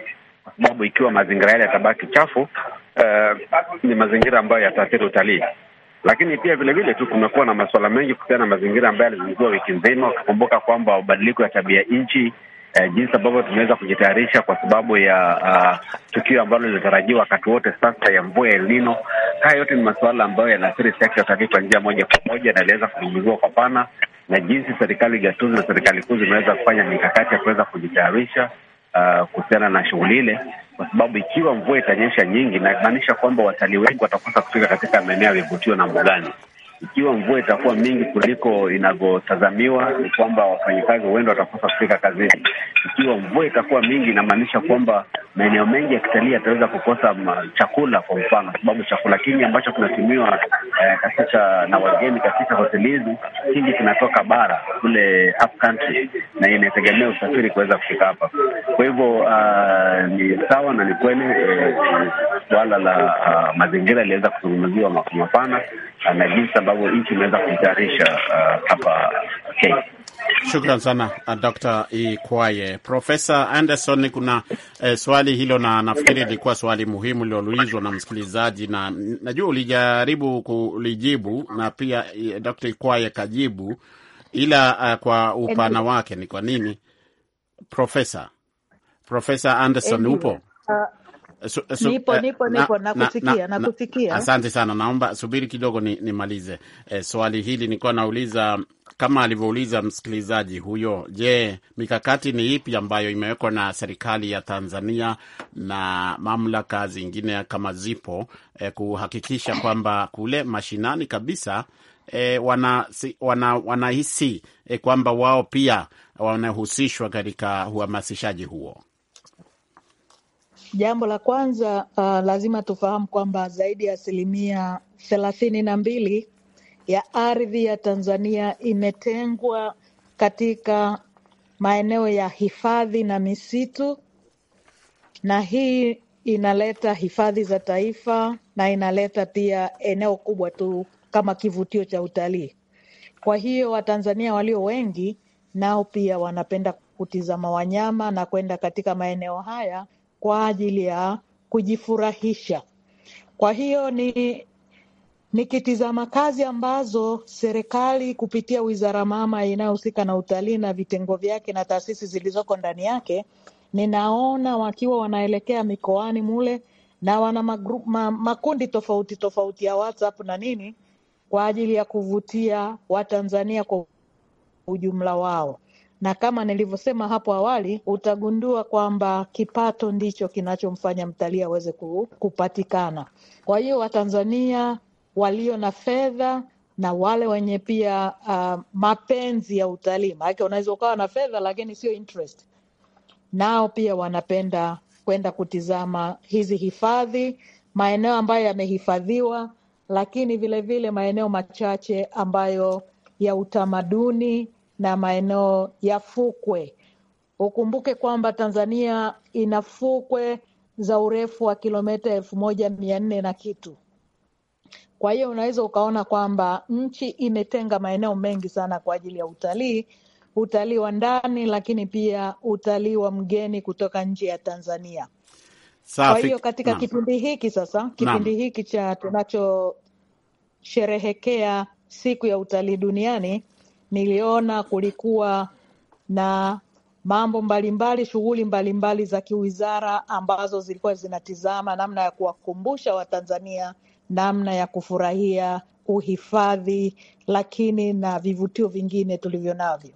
kwa sababu ikiwa mazingira yale yatabaki chafu e, ni mazingira ambayo yataathiri utalii lakini pia vilevile tu kumekuwa na masuala mengi kuhusiana na mazingira ambayo yalizungumziwa wiki nzima, ukikumbuka kwamba mabadiliko ya tabia nchi eh, jinsi ambavyo tumeweza kujitayarisha kwa sababu ya uh, tukio ambalo linatarajiwa wakati wote sasa ya mvua ya Elnino. Haya yote ni masuala ambayo yanaathiri sekta ya utalii kwa njia moja kwa moja na iliweza kuzungumziwa kwa pana na jinsi serikali gatuzi na serikali kuu zimeweza kufanya mikakati ya kuweza kujitayarisha uh, kuhusiana na shughuli ile, kwa sababu ikiwa mvua itanyesha nyingi, na kwamba watalii wengi watakosa kufika katika maeneo ya vivutio na mbugani ikiwa mvua itakuwa mingi kuliko inavyotazamiwa, ni kwamba wafanyakazi huenda watakosa kufika kazini. Ikiwa mvua itakuwa mingi, inamaanisha kwamba maeneo mengi ya kitalii yataweza kukosa chakula, kwa mfano, sababu chakula kingi ambacho kinatumiwa eh, katika na wageni katika hoteli hizi kingi kinatoka bara kule country, na inategemea usafiri kuweza kufika hapa. Kwa hivyo uh, ni sawa na ni kweli eh, suala la uh, mazingira iliweza kuzungumziwa mapana na jinsi ambavyo nchi imeweza kujitayarisha uh, hapa Kenya. Shukran sana uh, Dr. Ikwaye. Profesa Anderson, kuna eh, swali hilo na nafikiri ilikuwa swali muhimu liloulizwa na msikilizaji, na najua ulijaribu kulijibu na pia eh, Dr. Ikwaye kajibu, ila eh, kwa upana wake ni kwa nini. Profesa Profesa Anderson, upo? Uh, su, su, nipo, eh, nipo, nipo, na, nakusikia, na, nakusikia. Asante sana, naomba subiri kidogo nimalize ni eh, swali hili nilikuwa nauliza kama alivyouliza msikilizaji huyo. Je, mikakati ni ipi ambayo imewekwa na serikali ya Tanzania na mamlaka zingine kama zipo eh, kuhakikisha kwamba kule mashinani kabisa eh, wanahisi wana, wana eh, kwamba wao pia wanahusishwa katika uhamasishaji huo? Jambo la kwanza uh, lazima tufahamu kwamba zaidi ya asilimia thelathini na mbili ya ardhi ya Tanzania imetengwa katika maeneo ya hifadhi na misitu, na hii inaleta hifadhi za taifa na inaleta pia eneo kubwa tu kama kivutio cha utalii. Kwa hiyo Watanzania walio wengi nao pia wanapenda kutizama wanyama na kwenda katika maeneo haya kwa ajili ya kujifurahisha. Kwa hiyo ni nikitizama kazi ambazo serikali kupitia wizara mama inayohusika na utalii na vitengo vyake na taasisi zilizoko ndani yake, ninaona wakiwa wanaelekea mikoani mule na wana magru, ma, makundi tofauti tofauti ya WhatsApp na nini kwa ajili ya kuvutia Watanzania kwa ujumla wao na kama nilivyosema hapo awali, utagundua kwamba kipato ndicho kinachomfanya mtalii aweze kupatikana. Kwa hiyo Watanzania walio na fedha na wale wenye pia uh, mapenzi ya utalii, maanake unaweza ukawa na fedha lakini sio interest, nao pia wanapenda kwenda kutizama hizi hifadhi, maeneo ambayo yamehifadhiwa, lakini vilevile vile maeneo machache ambayo ya utamaduni na maeneo ya fukwe. Ukumbuke kwamba Tanzania ina fukwe za urefu wa kilometa elfu moja mia nne na kitu. Kwa hiyo unaweza ukaona kwamba nchi imetenga maeneo mengi sana kwa ajili ya utalii, utalii wa ndani, lakini pia utalii wa mgeni kutoka nje ya Tanzania. Safi. Kwa hiyo katika kipindi hiki sasa, kipindi hiki cha tunachosherehekea siku ya utalii duniani niliona kulikuwa na mambo mbalimbali, shughuli mbalimbali za kiwizara ambazo zilikuwa zinatizama namna ya kuwakumbusha Watanzania namna ya kufurahia uhifadhi, lakini na vivutio vingine tulivyo navyo.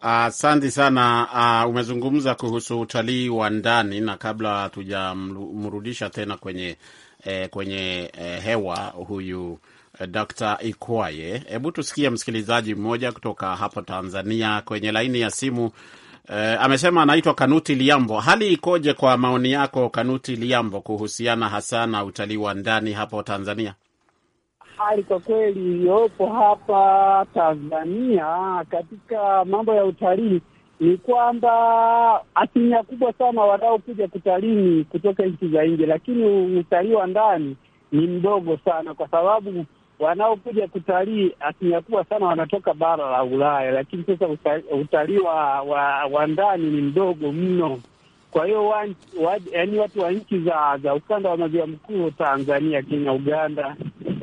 Asante uh, sana uh, umezungumza kuhusu utalii wa ndani, na kabla hatujamrudisha tena kwenye eh, kwenye eh, hewa huyu Eh, Dr Ikwaye. Hebu tusikie msikilizaji mmoja kutoka hapo Tanzania kwenye laini ya simu. E, amesema anaitwa Kanuti Liambo. Hali ikoje kwa maoni yako Kanuti Liambo, kuhusiana hasa na utalii wa ndani hapo Tanzania? Hali kwa kweli iliyopo hapa Tanzania katika mambo ya utalii ni kwamba asilimia kubwa sana wanaokuja kutalini kutoka nchi za nje, lakini utalii wa ndani ni mdogo sana, kwa sababu wanaokuja kutalii asilimia sana wanatoka bara la Ulaya, lakini sasa utalii wa, wa, wa ndani ni mdogo mno. Kwa hiyo wa, wa, yaani watu wa nchi za za ukanda wa maziwa mkuu Tanzania, Kenya, Uganda,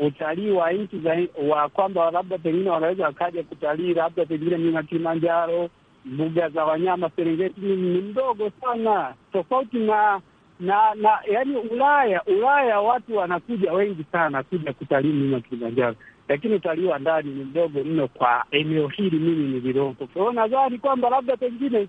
utalii wa nchi za wa kwamba labda pengine wanaweza wakaja kutalii labda pengine mlima Kilimanjaro, mbuga za wanyama Serengeti ni mdogo sana, tofauti na na na yani, Ulaya Ulaya watu wanakuja wengi sana kuja kutalii mlima Kilimanjaro, lakini utalii wa ndani ni mdogo mno kwa eneo hili mimi nililopo. Kwa hiyo nadhani kwamba labda pengine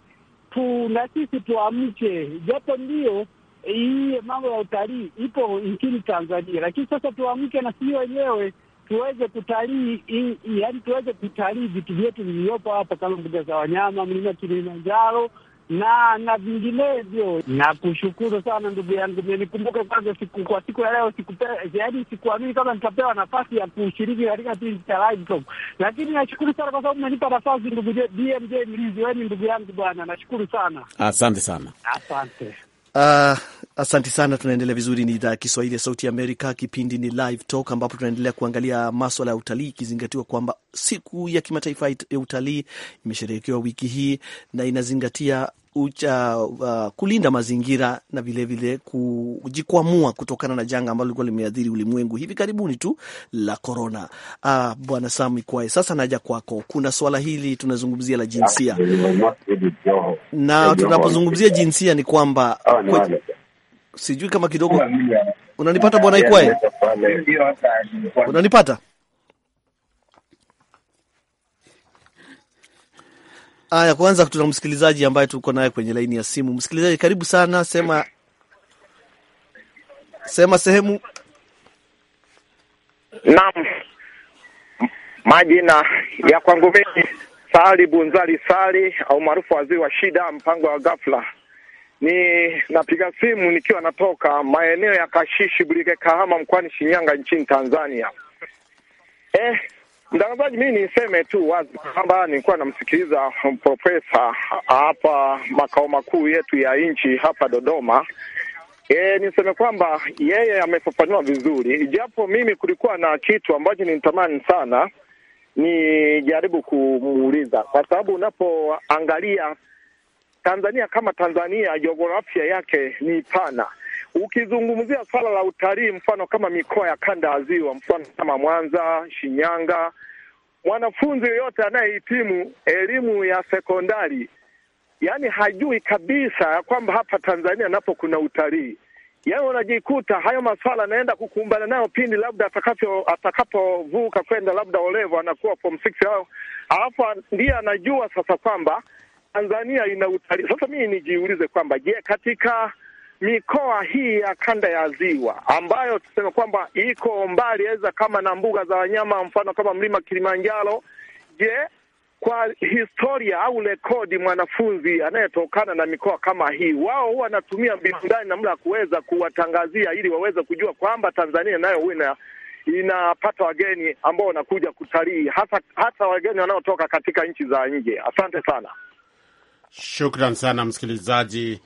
tuna na sisi tuamke, japo ndio hii mambo ya utalii ipo nchini Tanzania, lakini sasa tuamke na sisi wenyewe tuweze kutalii, yani, tuweze kutalii vitu vyetu vilivyopo hapa kama mbuga za wanyama, mlima Kilimanjaro na na vinginevyo. Nakushukuru sana ndugu yangu, nikumbuke kwanza siku kwa siku ya leo. Siku yaani sikuamini kama nitapewa nafasi ya kushiriki katika kipindi cha live talk, lakini nashukuru sana kwa sababu umenipa nafasi, ndugu BMJ Mlizi, weni ndugu yangu bwana, nashukuru sana, asante sana, asante. Uh, asante sana, tunaendelea vizuri. Ni idhaa ya Kiswahili ya Sauti ya Amerika, kipindi ni Live Talk ambapo tunaendelea kuangalia maswala ya utalii, ikizingatiwa kwamba siku ya kimataifa ya utalii imesherehekewa wiki hii na inazingatia ucha, uh, kulinda mazingira na vilevile kujikwamua kutokana na janga ambalo lilikuwa limeathiri ulimwengu hivi karibuni tu la korona. Uh, ah, Bwana sam Kwae, sasa naja kwako. Kuna swala hili tunazungumzia la jinsia, na tunapozungumzia jinsia ni kwamba ah, sijui kama kidogo unanipata Bwana Ikwae, unanipata Haya, kwanza tuna msikilizaji ambaye tuko naye kwenye laini ya simu. Msikilizaji, karibu sana, sema sema sehemu. Naam, majina ya kwangu mimi Sali Bunzali Sali au maarufu waziri wa shida, mpango wa ghafla. Ni napiga simu nikiwa natoka maeneo ya Kashishi Bulike, Kahama, mkoani Shinyanga, nchini Tanzania. Eh, Mtangazaji, mi niseme tu wazi kwamba nilikuwa namsikiliza profesa hapa makao makuu yetu ya nchi hapa Dodoma. E, niseme kwamba yeye amefafanua vizuri, japo mimi kulikuwa na kitu ambacho nilitamani sana nijaribu kumuuliza, kwa sababu unapoangalia Tanzania kama Tanzania, jiografia yake ni pana Ukizungumzia swala la utalii, mfano kama mikoa ya kanda ya ziwa, mfano kama Mwanza, Shinyanga, mwanafunzi yoyote anayehitimu elimu ya sekondari, yani hajui kabisa ya kwamba hapa Tanzania napo kuna utalii, yaani unajikuta hayo maswala anaenda kukumbana nayo pindi labda atakapovuka kwenda labda olevo, anakuwa form six au alafu ndiye anajua sasa kwamba Tanzania ina utalii. Sasa mimi nijiulize kwamba je, katika mikoa hii ya kanda ya ziwa ambayo tuseme kwamba iko mbali aweza kama na mbuga za wanyama, mfano kama mlima Kilimanjaro. Je, kwa historia au rekodi, mwanafunzi anayetokana na mikoa kama hii, wao huwa wanatumia mbinu gani namna ya kuweza kuwatangazia ili waweze kujua kwamba Tanzania nayo huwa inapata wageni ambao wanakuja kutalii, hasa hasa wageni wanaotoka katika nchi za nje? Asante sana, shukran sana msikilizaji.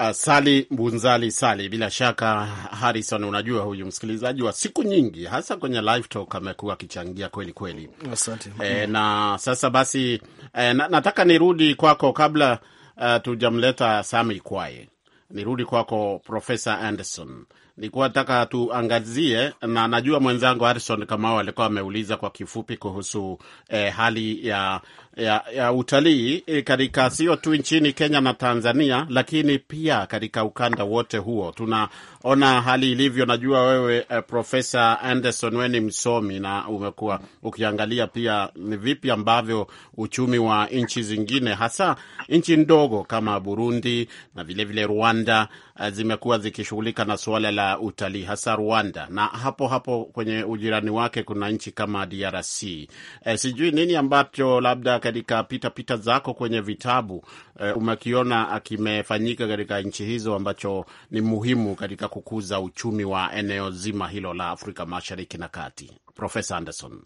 Ah, Sali Bunzali Sali, bila shaka Harrison, unajua huyu msikilizaji wa siku nyingi, hasa kwenye live talk amekuwa akichangia kweli kweli. Asante. E, na sasa basi e, na, nataka nirudi kwako kabla uh, tujamleta Sami Kwae, nirudi kwako Profesa Anderson nilikuwa nataka tuangazie, na najua mwenzangu Harrison Kamau alikuwa ameuliza kwa kifupi kuhusu eh, hali ya, ya, ya utalii eh, katika sio tu nchini Kenya na Tanzania, lakini pia katika ukanda wote huo tunaona hali ilivyo. Najua wewe eh, Profesa Anderson, wewe ni msomi na umekuwa ukiangalia pia ni vipi ambavyo uchumi wa nchi zingine hasa nchi ndogo kama Burundi na vilevile vile Rwanda zimekuwa zikishughulika na suala la utalii, hasa Rwanda, na hapo hapo kwenye ujirani wake kuna nchi kama DRC. E, eh, sijui nini ambacho labda katika pitapita zako kwenye vitabu e, umekiona kimefanyika katika nchi hizo ambacho ni muhimu katika kukuza uchumi wa eneo zima hilo la Afrika Mashariki na Kati, Profesa Anderson?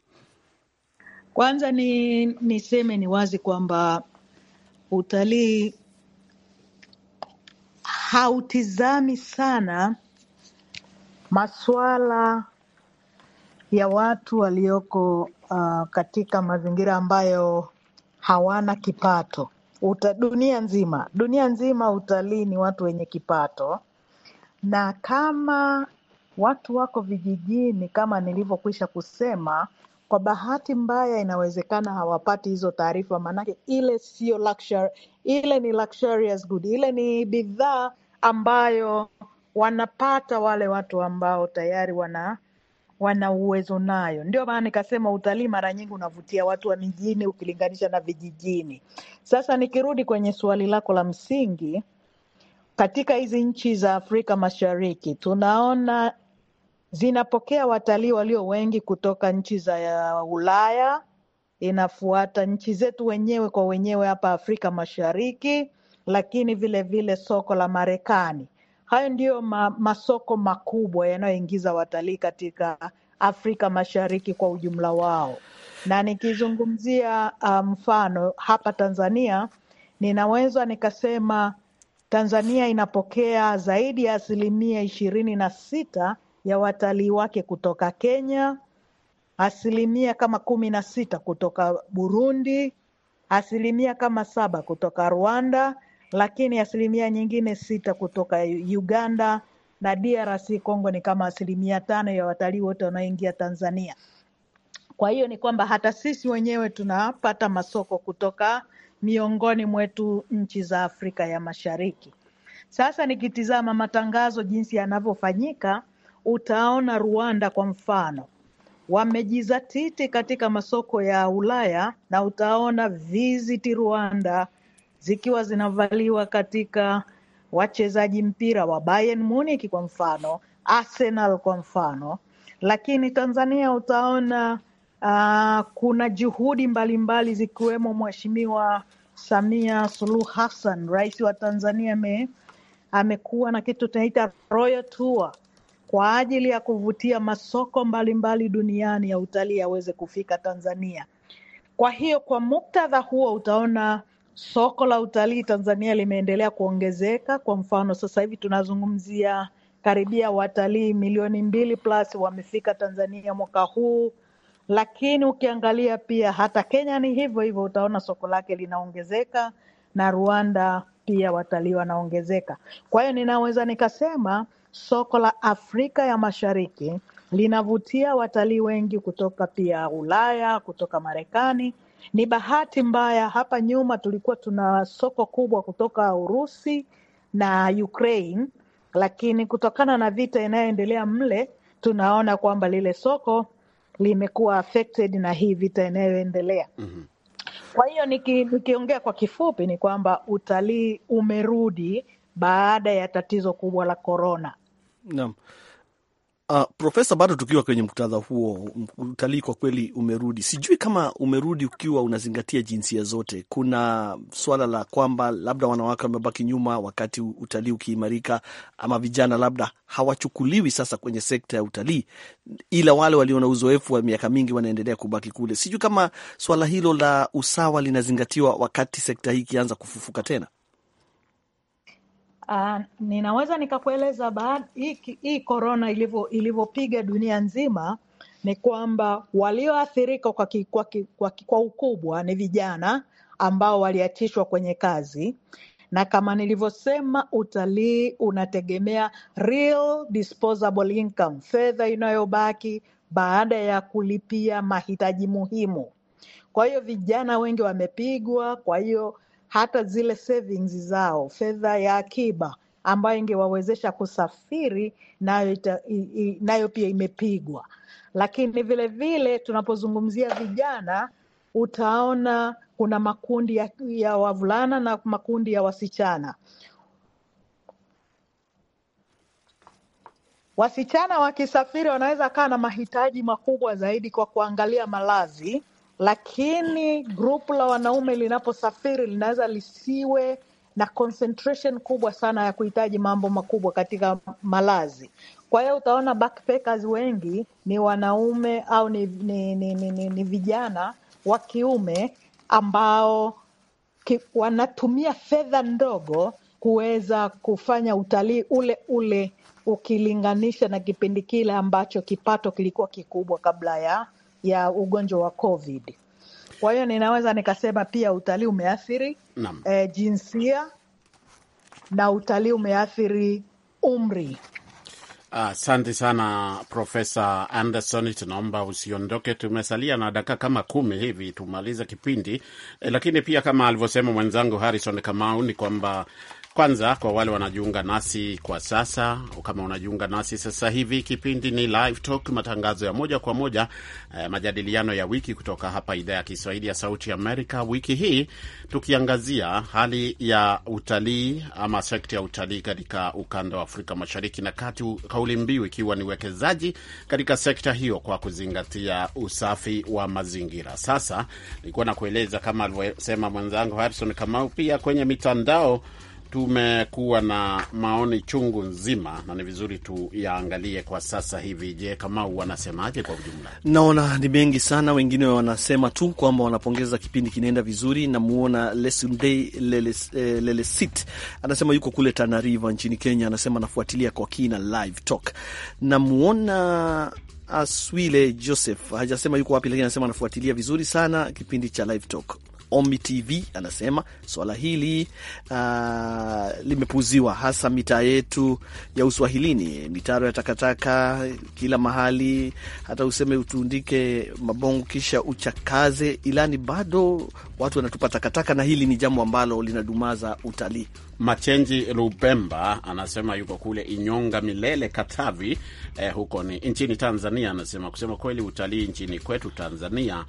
Kwanza ni niseme ni wazi kwamba utalii hautizami sana masuala ya watu walioko uh, katika mazingira ambayo hawana kipato Uta, dunia nzima dunia nzima utalii ni watu wenye kipato, na kama watu wako vijijini, kama nilivyokwisha kusema, kwa bahati mbaya inawezekana hawapati hizo taarifa, maanake ile sio luxury, ile ni luxurious good, ile ni bidhaa ambayo wanapata wale watu ambao tayari wana wana uwezo nayo. Ndio maana nikasema utalii mara nyingi unavutia watu wa mijini ukilinganisha na vijijini. Sasa nikirudi kwenye suali lako la msingi, katika hizi nchi za Afrika Mashariki tunaona zinapokea watalii walio wengi kutoka nchi za Ulaya inafuata nchi zetu wenyewe kwa wenyewe hapa Afrika Mashariki, lakini vile vile soko la Marekani. Hayo ndiyo ma, masoko makubwa yanayoingiza watalii katika Afrika Mashariki kwa ujumla wao, na nikizungumzia ah, mfano um, hapa Tanzania ninaweza nikasema Tanzania inapokea zaidi ya asilimia ishirini na sita ya watalii wake kutoka Kenya, asilimia kama kumi na sita kutoka Burundi, asilimia kama saba kutoka Rwanda, lakini asilimia nyingine sita kutoka Uganda na DRC Congo ni kama asilimia tano ya watalii wote wanaoingia Tanzania. Kwa hiyo ni kwamba hata sisi wenyewe tunapata masoko kutoka miongoni mwetu nchi za Afrika ya Mashariki. Sasa nikitizama matangazo jinsi yanavyofanyika, utaona Rwanda kwa mfano wamejizatiti katika masoko ya Ulaya na utaona Visit Rwanda zikiwa zinavaliwa katika wachezaji mpira wa Bayern Munich kwa mfano, Arsenal kwa mfano. Lakini Tanzania utaona uh, kuna juhudi mbalimbali zikiwemo Mheshimiwa Samia Suluhu Hassan, rais wa Tanzania, amekuwa na kitu tunaita Royal Tour kwa ajili ya kuvutia masoko mbalimbali mbali duniani ya utalii yaweze kufika Tanzania. Kwa hiyo kwa muktadha huo utaona soko la utalii Tanzania limeendelea kuongezeka. Kwa mfano, sasa hivi tunazungumzia karibia watalii milioni mbili plus wamefika Tanzania mwaka huu, lakini ukiangalia pia hata Kenya ni hivyo hivyo, utaona soko lake linaongezeka na Rwanda pia watalii wanaongezeka. Kwa hiyo ninaweza nikasema Soko la Afrika ya Mashariki linavutia watalii wengi kutoka pia Ulaya, kutoka Marekani. Ni bahati mbaya, hapa nyuma tulikuwa tuna soko kubwa kutoka Urusi na Ukraine, lakini kutokana na vita inayoendelea mle, tunaona kwamba lile soko limekuwa affected na hii vita inayoendelea. mm-hmm. Kwa hiyo niki, nikiongea kwa kifupi ni kwamba utalii umerudi baada ya tatizo kubwa la korona. Naam. Uh, Profesa, bado tukiwa kwenye muktadha huo, utalii kwa kweli umerudi. Sijui kama umerudi ukiwa unazingatia jinsia zote. Kuna swala la kwamba labda wanawake wamebaki nyuma wakati utalii ukiimarika, ama vijana labda hawachukuliwi sasa kwenye sekta ya utalii, ila wale walio na uzoefu wa miaka mingi wanaendelea kubaki kule. Sijui kama swala hilo la usawa linazingatiwa wakati sekta hii ikianza kufufuka tena. Uh, ninaweza nikakueleza baada hii korona ilivyopiga dunia nzima ni kwamba walioathirika kwa, ki, kwa, ki, kwa, ki, kwa ukubwa ni vijana ambao waliatishwa kwenye kazi, na kama nilivyosema, utalii unategemea real disposable income, fedha inayobaki baada ya kulipia mahitaji muhimu. Kwa hiyo vijana wengi wamepigwa, kwa hiyo hata zile savings zao, fedha ya akiba ambayo ingewawezesha kusafiri nayo, nayo pia imepigwa. Lakini vilevile vile, tunapozungumzia vijana utaona kuna makundi ya, ya wavulana na makundi ya wasichana. Wasichana wakisafiri wanaweza kaa na mahitaji makubwa zaidi kwa kuangalia malazi lakini grupu la wanaume linaposafiri linaweza lisiwe na concentration kubwa sana ya kuhitaji mambo makubwa katika malazi. Kwa hiyo utaona backpackers wengi ni wanaume au ni, ni, ni, ni, ni, ni vijana wa kiume ambao ki, wanatumia fedha ndogo kuweza kufanya utalii ule ule ukilinganisha na kipindi kile ambacho kipato kilikuwa kikubwa kabla ya ya ugonjwa wa COVID. Kwa hiyo ninaweza nikasema pia utalii umeathiri e, jinsia na utalii umeathiri umri. Asante uh, sana Profesa Anderson, tunaomba usiondoke, tumesalia na dakika kama kumi hivi tumalize kipindi eh, lakini pia kama alivyosema mwenzangu Harrison Kamau ni kwamba kwanza kwa wale wanajiunga nasi kwa sasa, kama unajiunga nasi sasa hivi, kipindi ni Live Talk, matangazo ya moja kwa moja eh, majadiliano ya wiki kutoka hapa idhaa ya Kiswahili ya Sauti Amerika. Wiki hii tukiangazia hali ya utalii ama sekta ya utalii katika ukanda wa Afrika Mashariki na Kati, kauli mbiu ikiwa ni uwekezaji katika sekta hiyo kwa kuzingatia usafi wa mazingira. Sasa nilikuwa na kueleza kama alivyosema mwenzangu Harrison Kamau, pia kwenye mitandao tumekuwa na maoni chungu nzima na ni vizuri tuyaangalie kwa sasa hivi. Je, Kamau, wanasemaje kwa ujumla? Naona ni mengi sana. Wengine wanasema tu kwamba wanapongeza kipindi kinaenda vizuri. Namuona Lesunday Lelesit eh, Lelesit anasema yuko kule Tanariva nchini Kenya, anasema anafuatilia kwa kina Live Talk. Namuona Aswile Joseph hajasema yuko wapi, lakini anasema anafuatilia vizuri sana kipindi cha Live Talk. Omi TV anasema swala hili uh, limepuziwa hasa mitaa yetu ya Uswahilini, mitaro ya takataka kila mahali, hata useme utundike mabongo kisha uchakaze, ilani bado watu wanatupa takataka, na hili ni jambo ambalo linadumaza utalii. Machenji rubemba anasema yuko kule Inyonga Milele, Katavi, eh, huko ni nchini Tanzania. Anasema kusema kweli, utalii nchini kwetu Tanzania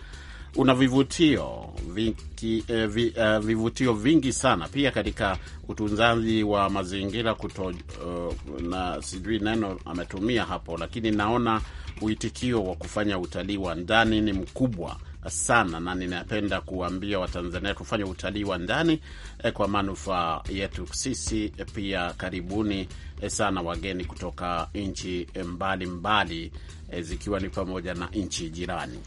una vivutio vingi, eh, vi, eh, vivutio vingi sana pia katika utunzaji wa mazingira kuto, uh, na sijui neno ametumia hapo, lakini naona uitikio wa kufanya utalii wa ndani ni mkubwa sana na ninapenda kuwaambia Watanzania tufanye utalii wa ndani eh, kwa manufaa yetu sisi eh, pia karibuni eh, sana wageni kutoka nchi mbalimbali eh, eh, zikiwa ni pamoja na nchi jirani.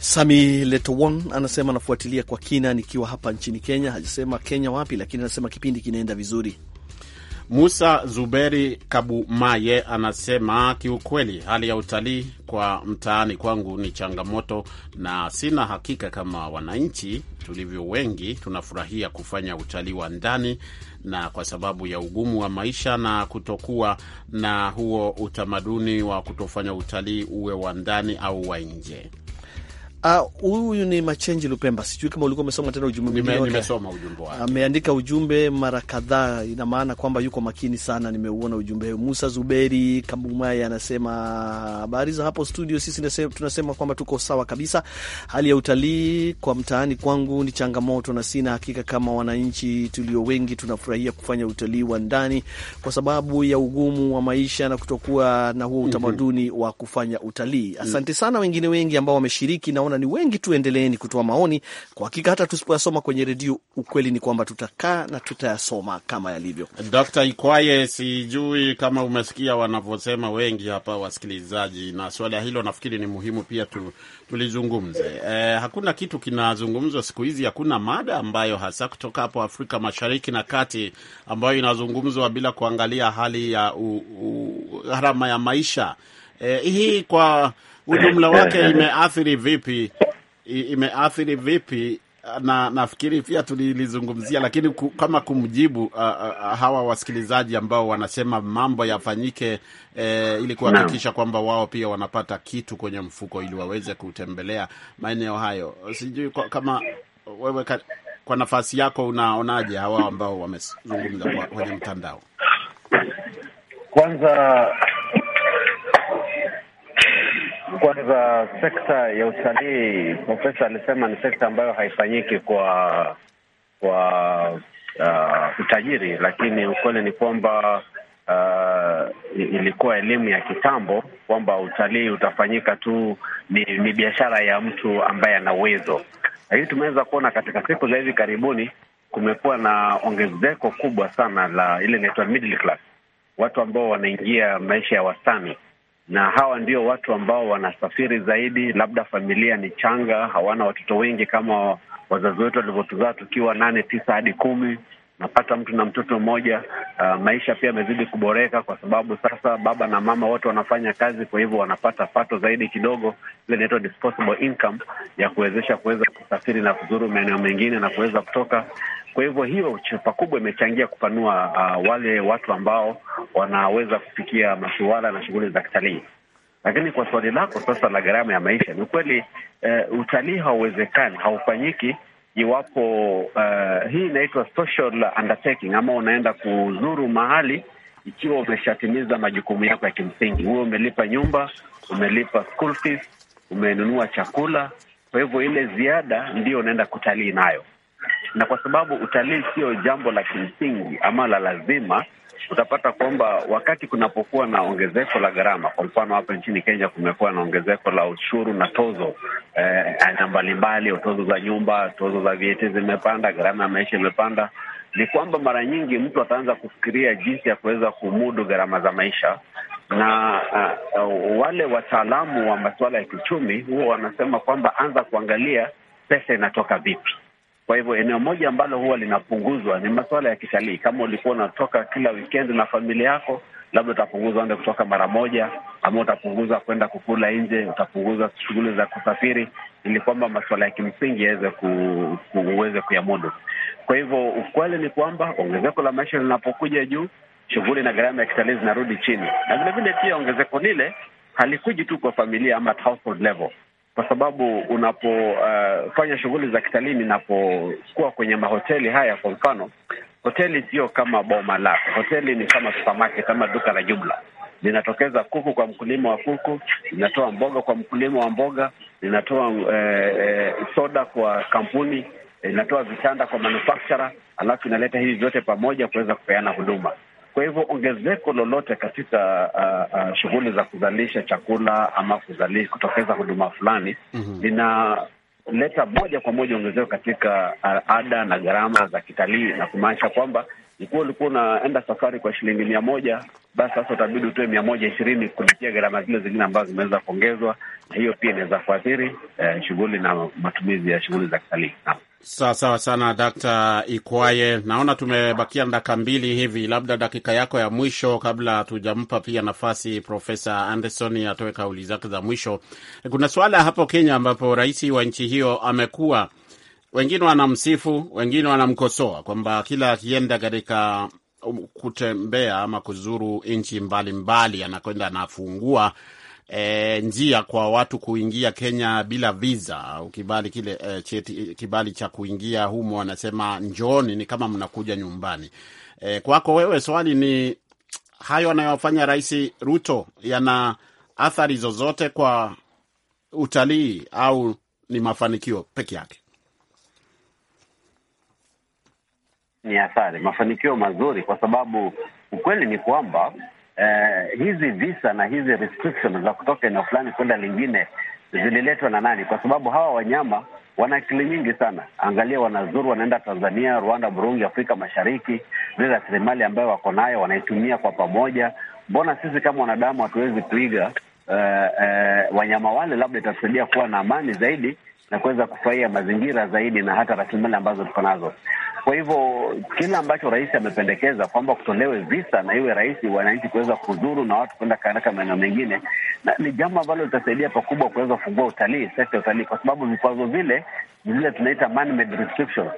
Sami Letowon anasema anafuatilia kwa kina nikiwa hapa nchini Kenya. Hajasema Kenya wapi, lakini anasema kipindi kinaenda vizuri. Musa Zuberi Kabumaye anasema kiukweli, hali ya utalii kwa mtaani kwangu ni changamoto, na sina hakika kama wananchi tulivyo wengi tunafurahia kufanya utalii wa ndani, na kwa sababu ya ugumu wa maisha na kutokuwa na huo utamaduni wa kutofanya utalii uwe wa ndani au wa nje. Ah, huyu ni Machenji Lupemba, sijui kama ulikuwa umesoma tena ujumbe mwingine. Nimesoma ujumbe wake, ameandika ujumbe mara kadhaa, ina maana kwamba yuko makini sana. Nimeuona ujumbe huu. Musa Zuberi Kabumai anasema habari za hapo studio, sisi tunasema kwamba tuko sawa kabisa. Hali ya utalii kwa mtaani kwangu ni changamoto, na sina hakika kama wananchi tulio wengi tunafurahia kufanya utalii wa ndani kwa sababu ya ugumu wa maisha na kutokuwa na huo mhm. utamaduni mm -hmm. wa kufanya utalii. Mm. Asante sana wengine wengi ambao wameshiriki na naona ni wengi tu, endeleeni kutoa maoni. Kwa hakika hata tusipoyasoma kwenye redio, ukweli ni kwamba tutakaa na tutayasoma kama yalivyo. Dr. Ikwaye, sijui kama umesikia wanavyosema wengi hapa wasikilizaji, na swala hilo nafikiri ni muhimu pia tu, tulizungumze. Eh, hakuna kitu kinazungumzwa siku hizi, hakuna mada ambayo hasa kutoka hapo Afrika Mashariki na Kati ambayo inazungumzwa bila kuangalia hali ya gharama ya maisha. Eh, hii kwa ujumla wake imeathiri vipi, imeathiri vipi? Na nafikiri pia tulilizungumzia, lakini kama kumjibu uh, uh, hawa wasikilizaji ambao wanasema mambo yafanyike uh, ili kuhakikisha kwamba wao pia wanapata kitu kwenye mfuko ili waweze kutembelea maeneo hayo, sijui kama wewe ka, kwa nafasi yako unaonaje hawa ambao wamezungumza kwenye mtandao? Kwanza kwanza, sekta ya utalii, profesa alisema ni sekta ambayo haifanyiki kwa kwa uh, utajiri, lakini ukweli ni kwamba uh, ilikuwa elimu ya kitambo kwamba utalii utafanyika tu ni, ni biashara ya mtu ambaye ana uwezo, lakini tumeweza kuona katika siku za hivi karibuni kumekuwa na ongezeko kubwa sana la ile inaitwa middle class, watu ambao wanaingia maisha ya wastani na hawa ndio watu ambao wanasafiri zaidi, labda familia ni changa, hawana watoto wengi kama wazazi wetu walivyotuzaa tukiwa nane, tisa hadi kumi napata mtu na mtoto mmoja. Uh, maisha pia yamezidi kuboreka kwa sababu sasa baba na mama wote wanafanya kazi, kwa hivyo wanapata pato zaidi kidogo, ile inaitwa disposable income ya kuwezesha kuweza kusafiri na kuzuru maeneo mengine na kuweza kutoka. Kwa hivyo hiyo chapa kubwa imechangia kupanua uh, wale watu ambao wanaweza kufikia masuala na shughuli za kitalii. Lakini kwa swali lako sasa la gharama ya maisha, ni kweli uh, utalii hauwezekani, haufanyiki iwapo uh, hii inaitwa social undertaking ama unaenda kuzuru mahali ikiwa umeshatimiza majukumu yako ya kimsingi. Huwe umelipa nyumba, umelipa school fees, umenunua chakula. Kwa hivyo ile ziada ndio unaenda kutalii nayo, na kwa sababu utalii sio jambo la kimsingi ama la lazima utapata kwamba wakati kunapokuwa na ongezeko la gharama, kwa mfano hapa nchini Kenya kumekuwa na ongezeko la ushuru na tozo eh, aina mbalimbali, tozo za nyumba, tozo za vieti zimepanda, gharama ya maisha imepanda ni kwamba mara nyingi mtu ataanza kufikiria jinsi ya kuweza kumudu gharama za maisha, na uh, uh, wale wataalamu wa masuala ya kiuchumi huwa wanasema kwamba anza kuangalia pesa inatoka vipi. Kwa hivyo eneo moja ambalo huwa linapunguzwa ni masuala ya kitalii. Kama ulikuwa unatoka kila wikendi na familia yako, labda utapunguza ende kutoka mara moja, ama utapunguza kwenda kukula nje, utapunguza shughuli za kusafiri, ili kwamba masuala ya kimsingi yaweze uweze kuyamudu. Kwa hivyo ukweli ni kwamba ongezeko la maisha linapokuja juu, shughuli na gharama ya kitalii zinarudi chini, na vilevile pia ongezeko lile halikuji tu kwa familia ama household level kwa sababu unapofanya uh, shughuli za kitalii, ninapokuwa kwenye mahoteli haya, kwa mfano, hoteli sio kama boma lako. Hoteli ni kama supermarket, kama duka la jumla linatokeza kuku kwa mkulima wa kuku, linatoa mboga kwa mkulima wa mboga, linatoa eh, uh, uh, soda kwa kampuni, linatoa eh, vitanda kwa manufacturer, alafu inaleta hivi vyote pamoja kuweza kupeana huduma. Kwa hivyo ongezeko lolote katika uh, uh, shughuli za kuzalisha chakula ama kuzalisha kutokeza huduma fulani mm -hmm. linaleta moja kwa moja ongezeko katika ada na gharama za kitalii, na kumaanisha kwamba ikuwa ulikuwa unaenda safari kwa shilingi mia moja, basi sasa utabidi utoe mia moja ishirini kulipia gharama zile zingine ambazo zimeweza kuongezwa, na hiyo pia inaweza kuathiri eh, shughuli na matumizi ya shughuli za kitalii. Sawa sawa sana Dakta Ikwaye, naona tumebakia na dakika mbili hivi, labda dakika yako ya mwisho kabla tujampa pia nafasi Profesa Anderson atoe kauli zake za mwisho. Kuna suala hapo Kenya ambapo rais wa nchi hiyo amekuwa, wengine wanamsifu, wengine wanamkosoa kwamba kila akienda katika kutembea ama kuzuru nchi mbalimbali, anakwenda anafungua e, njia kwa watu kuingia Kenya bila visa, ukibali kile e, cheti, kibali cha kuingia humo, wanasema njooni, ni kama mnakuja nyumbani. E, kwako wewe swali ni hayo anayofanya Rais Ruto yana athari zozote kwa utalii au ni mafanikio peke yake? Ni athari, mafanikio mazuri, kwa sababu ukweli ni kwamba uh, hizi visa na hizi restriction za kutoka eneo fulani kwenda lingine zililetwa na nani? Kwa sababu hawa wanyama wana akili nyingi sana. Angalia, wanazuru, wanaenda Tanzania, Rwanda, Burundi, Afrika Mashariki, zile rasilimali ambayo wako nayo wanaitumia kwa pamoja. Mbona sisi kama wanadamu hatuwezi kuiga uh, uh, wanyama wale? Labda itasaidia kuwa na amani zaidi na kuweza kufurahia mazingira zaidi na hata rasilimali ambazo tuko nazo. Kwa hivyo kile ambacho rais amependekeza kwamba kutolewe visa na iwe rahisi wananchi kuweza kuzuru na watu kwenda katika maeneo mengine, na ni jambo ambalo litasaidia pakubwa kuweza kufungua utalii, sekta ya utalii, kwa sababu vikwazo vile vile tunaita man-made restrictions,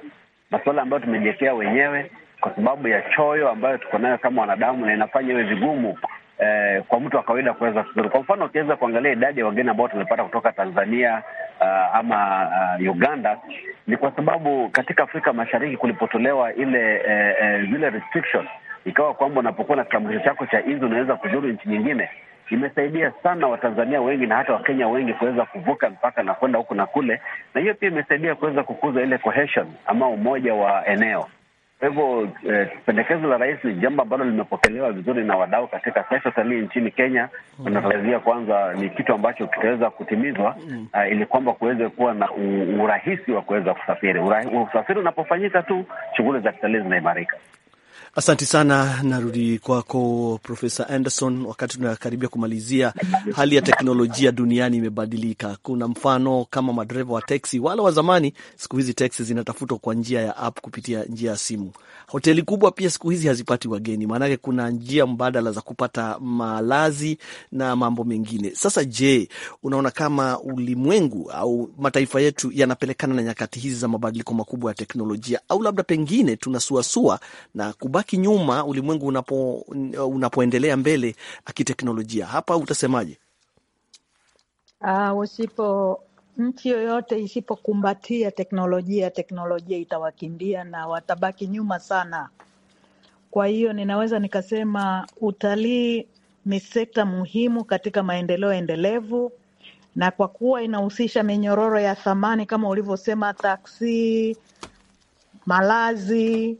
masuala ambayo tumejiwekea wenyewe kwa sababu ya choyo ambayo tuko nayo kama wanadamu, na inafanya iwe vigumu eh, kwa mtu wa kawaida kuweza kuzuru. Kwa mfano ukiweza kuangalia idadi ya wageni ambao tumepata kutoka Tanzania uh, ama uh, Uganda ni kwa sababu katika Afrika Mashariki kulipotolewa ile eh, eh, zile restriction ikawa kwamba unapokuwa na kitambulisho chako cha nzi unaweza kuzuru nchi nyingine, imesaidia sana Watanzania wengi na hata Wakenya wengi kuweza kuvuka mpaka na kwenda huku na kule, na hiyo pia imesaidia kuweza kukuza ile cohesion ama umoja wa eneo. Kwa hivyo eh, pendekezo la rais ni jambo ambalo limepokelewa vizuri na wadau katika sekta utalii nchini Kenya. Mm. Tunatarajia kwanza ni kitu ambacho kitaweza kutimizwa, uh, ili kwamba kuweze kuwa na urahisi wa kuweza kusafiri. usafiri unapofanyika tu shughuli za kitalii zinaimarika. Asanti sana, narudi kwako Profesa Anderson. Wakati tunakaribia kumalizia, hali ya teknolojia duniani imebadilika. Kuna mfano kama madereva wa teksi wale wa zamani, siku hizi teksi zinatafutwa kwa njia ya app, kupitia njia ya simu. Hoteli kubwa pia siku hizi hazipati wageni, maanake kuna njia mbadala za kupata malazi na mambo mengine. Sasa je, unaona kama ulimwengu au mataifa yetu yanapelekana na nyakati hizi za mabadiliko makubwa ya teknolojia, au labda pengine tunasuasua na kuba kubaki nyuma ulimwengu unapo, unapoendelea mbele akiteknolojia. Hapa utasemaje? Uh, usipo nchi yoyote isipokumbatia teknolojia, teknolojia itawakimbia na watabaki nyuma sana. Kwa hiyo ninaweza nikasema utalii ni sekta muhimu katika maendeleo endelevu, na kwa kuwa inahusisha minyororo ya thamani kama ulivyosema, taksi, malazi,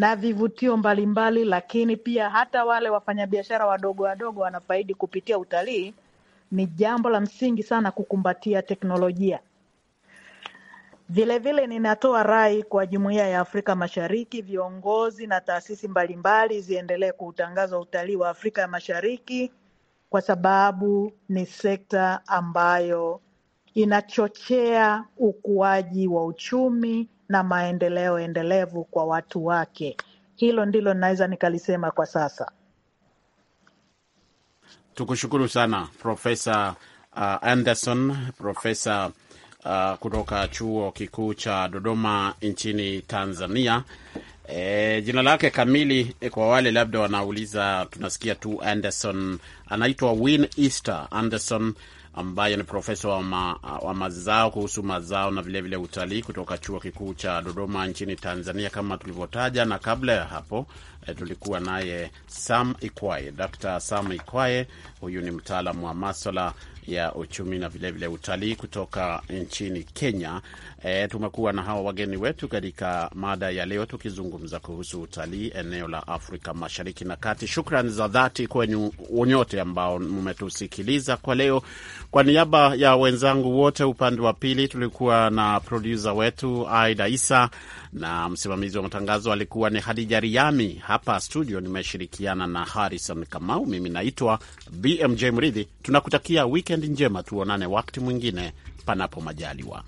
na vivutio mbalimbali, lakini pia hata wale wafanyabiashara wadogo wadogo wanafaidi kupitia utalii. Ni jambo la msingi sana kukumbatia teknolojia. Vilevile ninatoa rai kwa Jumuiya ya Afrika Mashariki, viongozi na taasisi mbalimbali ziendelee kuutangaza utalii wa Afrika Mashariki kwa sababu ni sekta ambayo inachochea ukuaji wa uchumi na maendeleo endelevu kwa watu wake. Hilo ndilo naweza nikalisema kwa sasa. Tukushukuru sana Profesa uh, Anderson, profesa uh, kutoka chuo kikuu cha Dodoma nchini Tanzania. E, jina lake kamili e, kwa wale labda wanauliza, tunasikia tu Anderson, anaitwa Win Easter Anderson ambaye ni profesa wa, ma, wa mazao kuhusu mazao na vilevile utalii kutoka chuo kikuu cha Dodoma nchini Tanzania kama tulivyotaja, na kabla ya hapo eh, tulikuwa naye Sam Ikwaye, Dr. Sam Ikwaye Huyu ni mtaalamu wa maswala ya uchumi na vilevile utalii kutoka nchini Kenya. E, tumekuwa na hawa wageni wetu katika mada ya leo tukizungumza kuhusu utalii eneo la Afrika Mashariki na Kati. Shukrani za dhati kwenu nyote ambao mmetusikiliza kwa leo. Kwa niaba ya wenzangu wote upande wa pili tulikuwa na produsa wetu Aida Isa na msimamizi wa matangazo alikuwa ni Hadija Riami. Hapa studio nimeshirikiana na Harrison Kamau. Mimi naitwa BMJ Mridhi, tunakutakia wikend njema, tuonane wakati mwingine panapo majaliwa.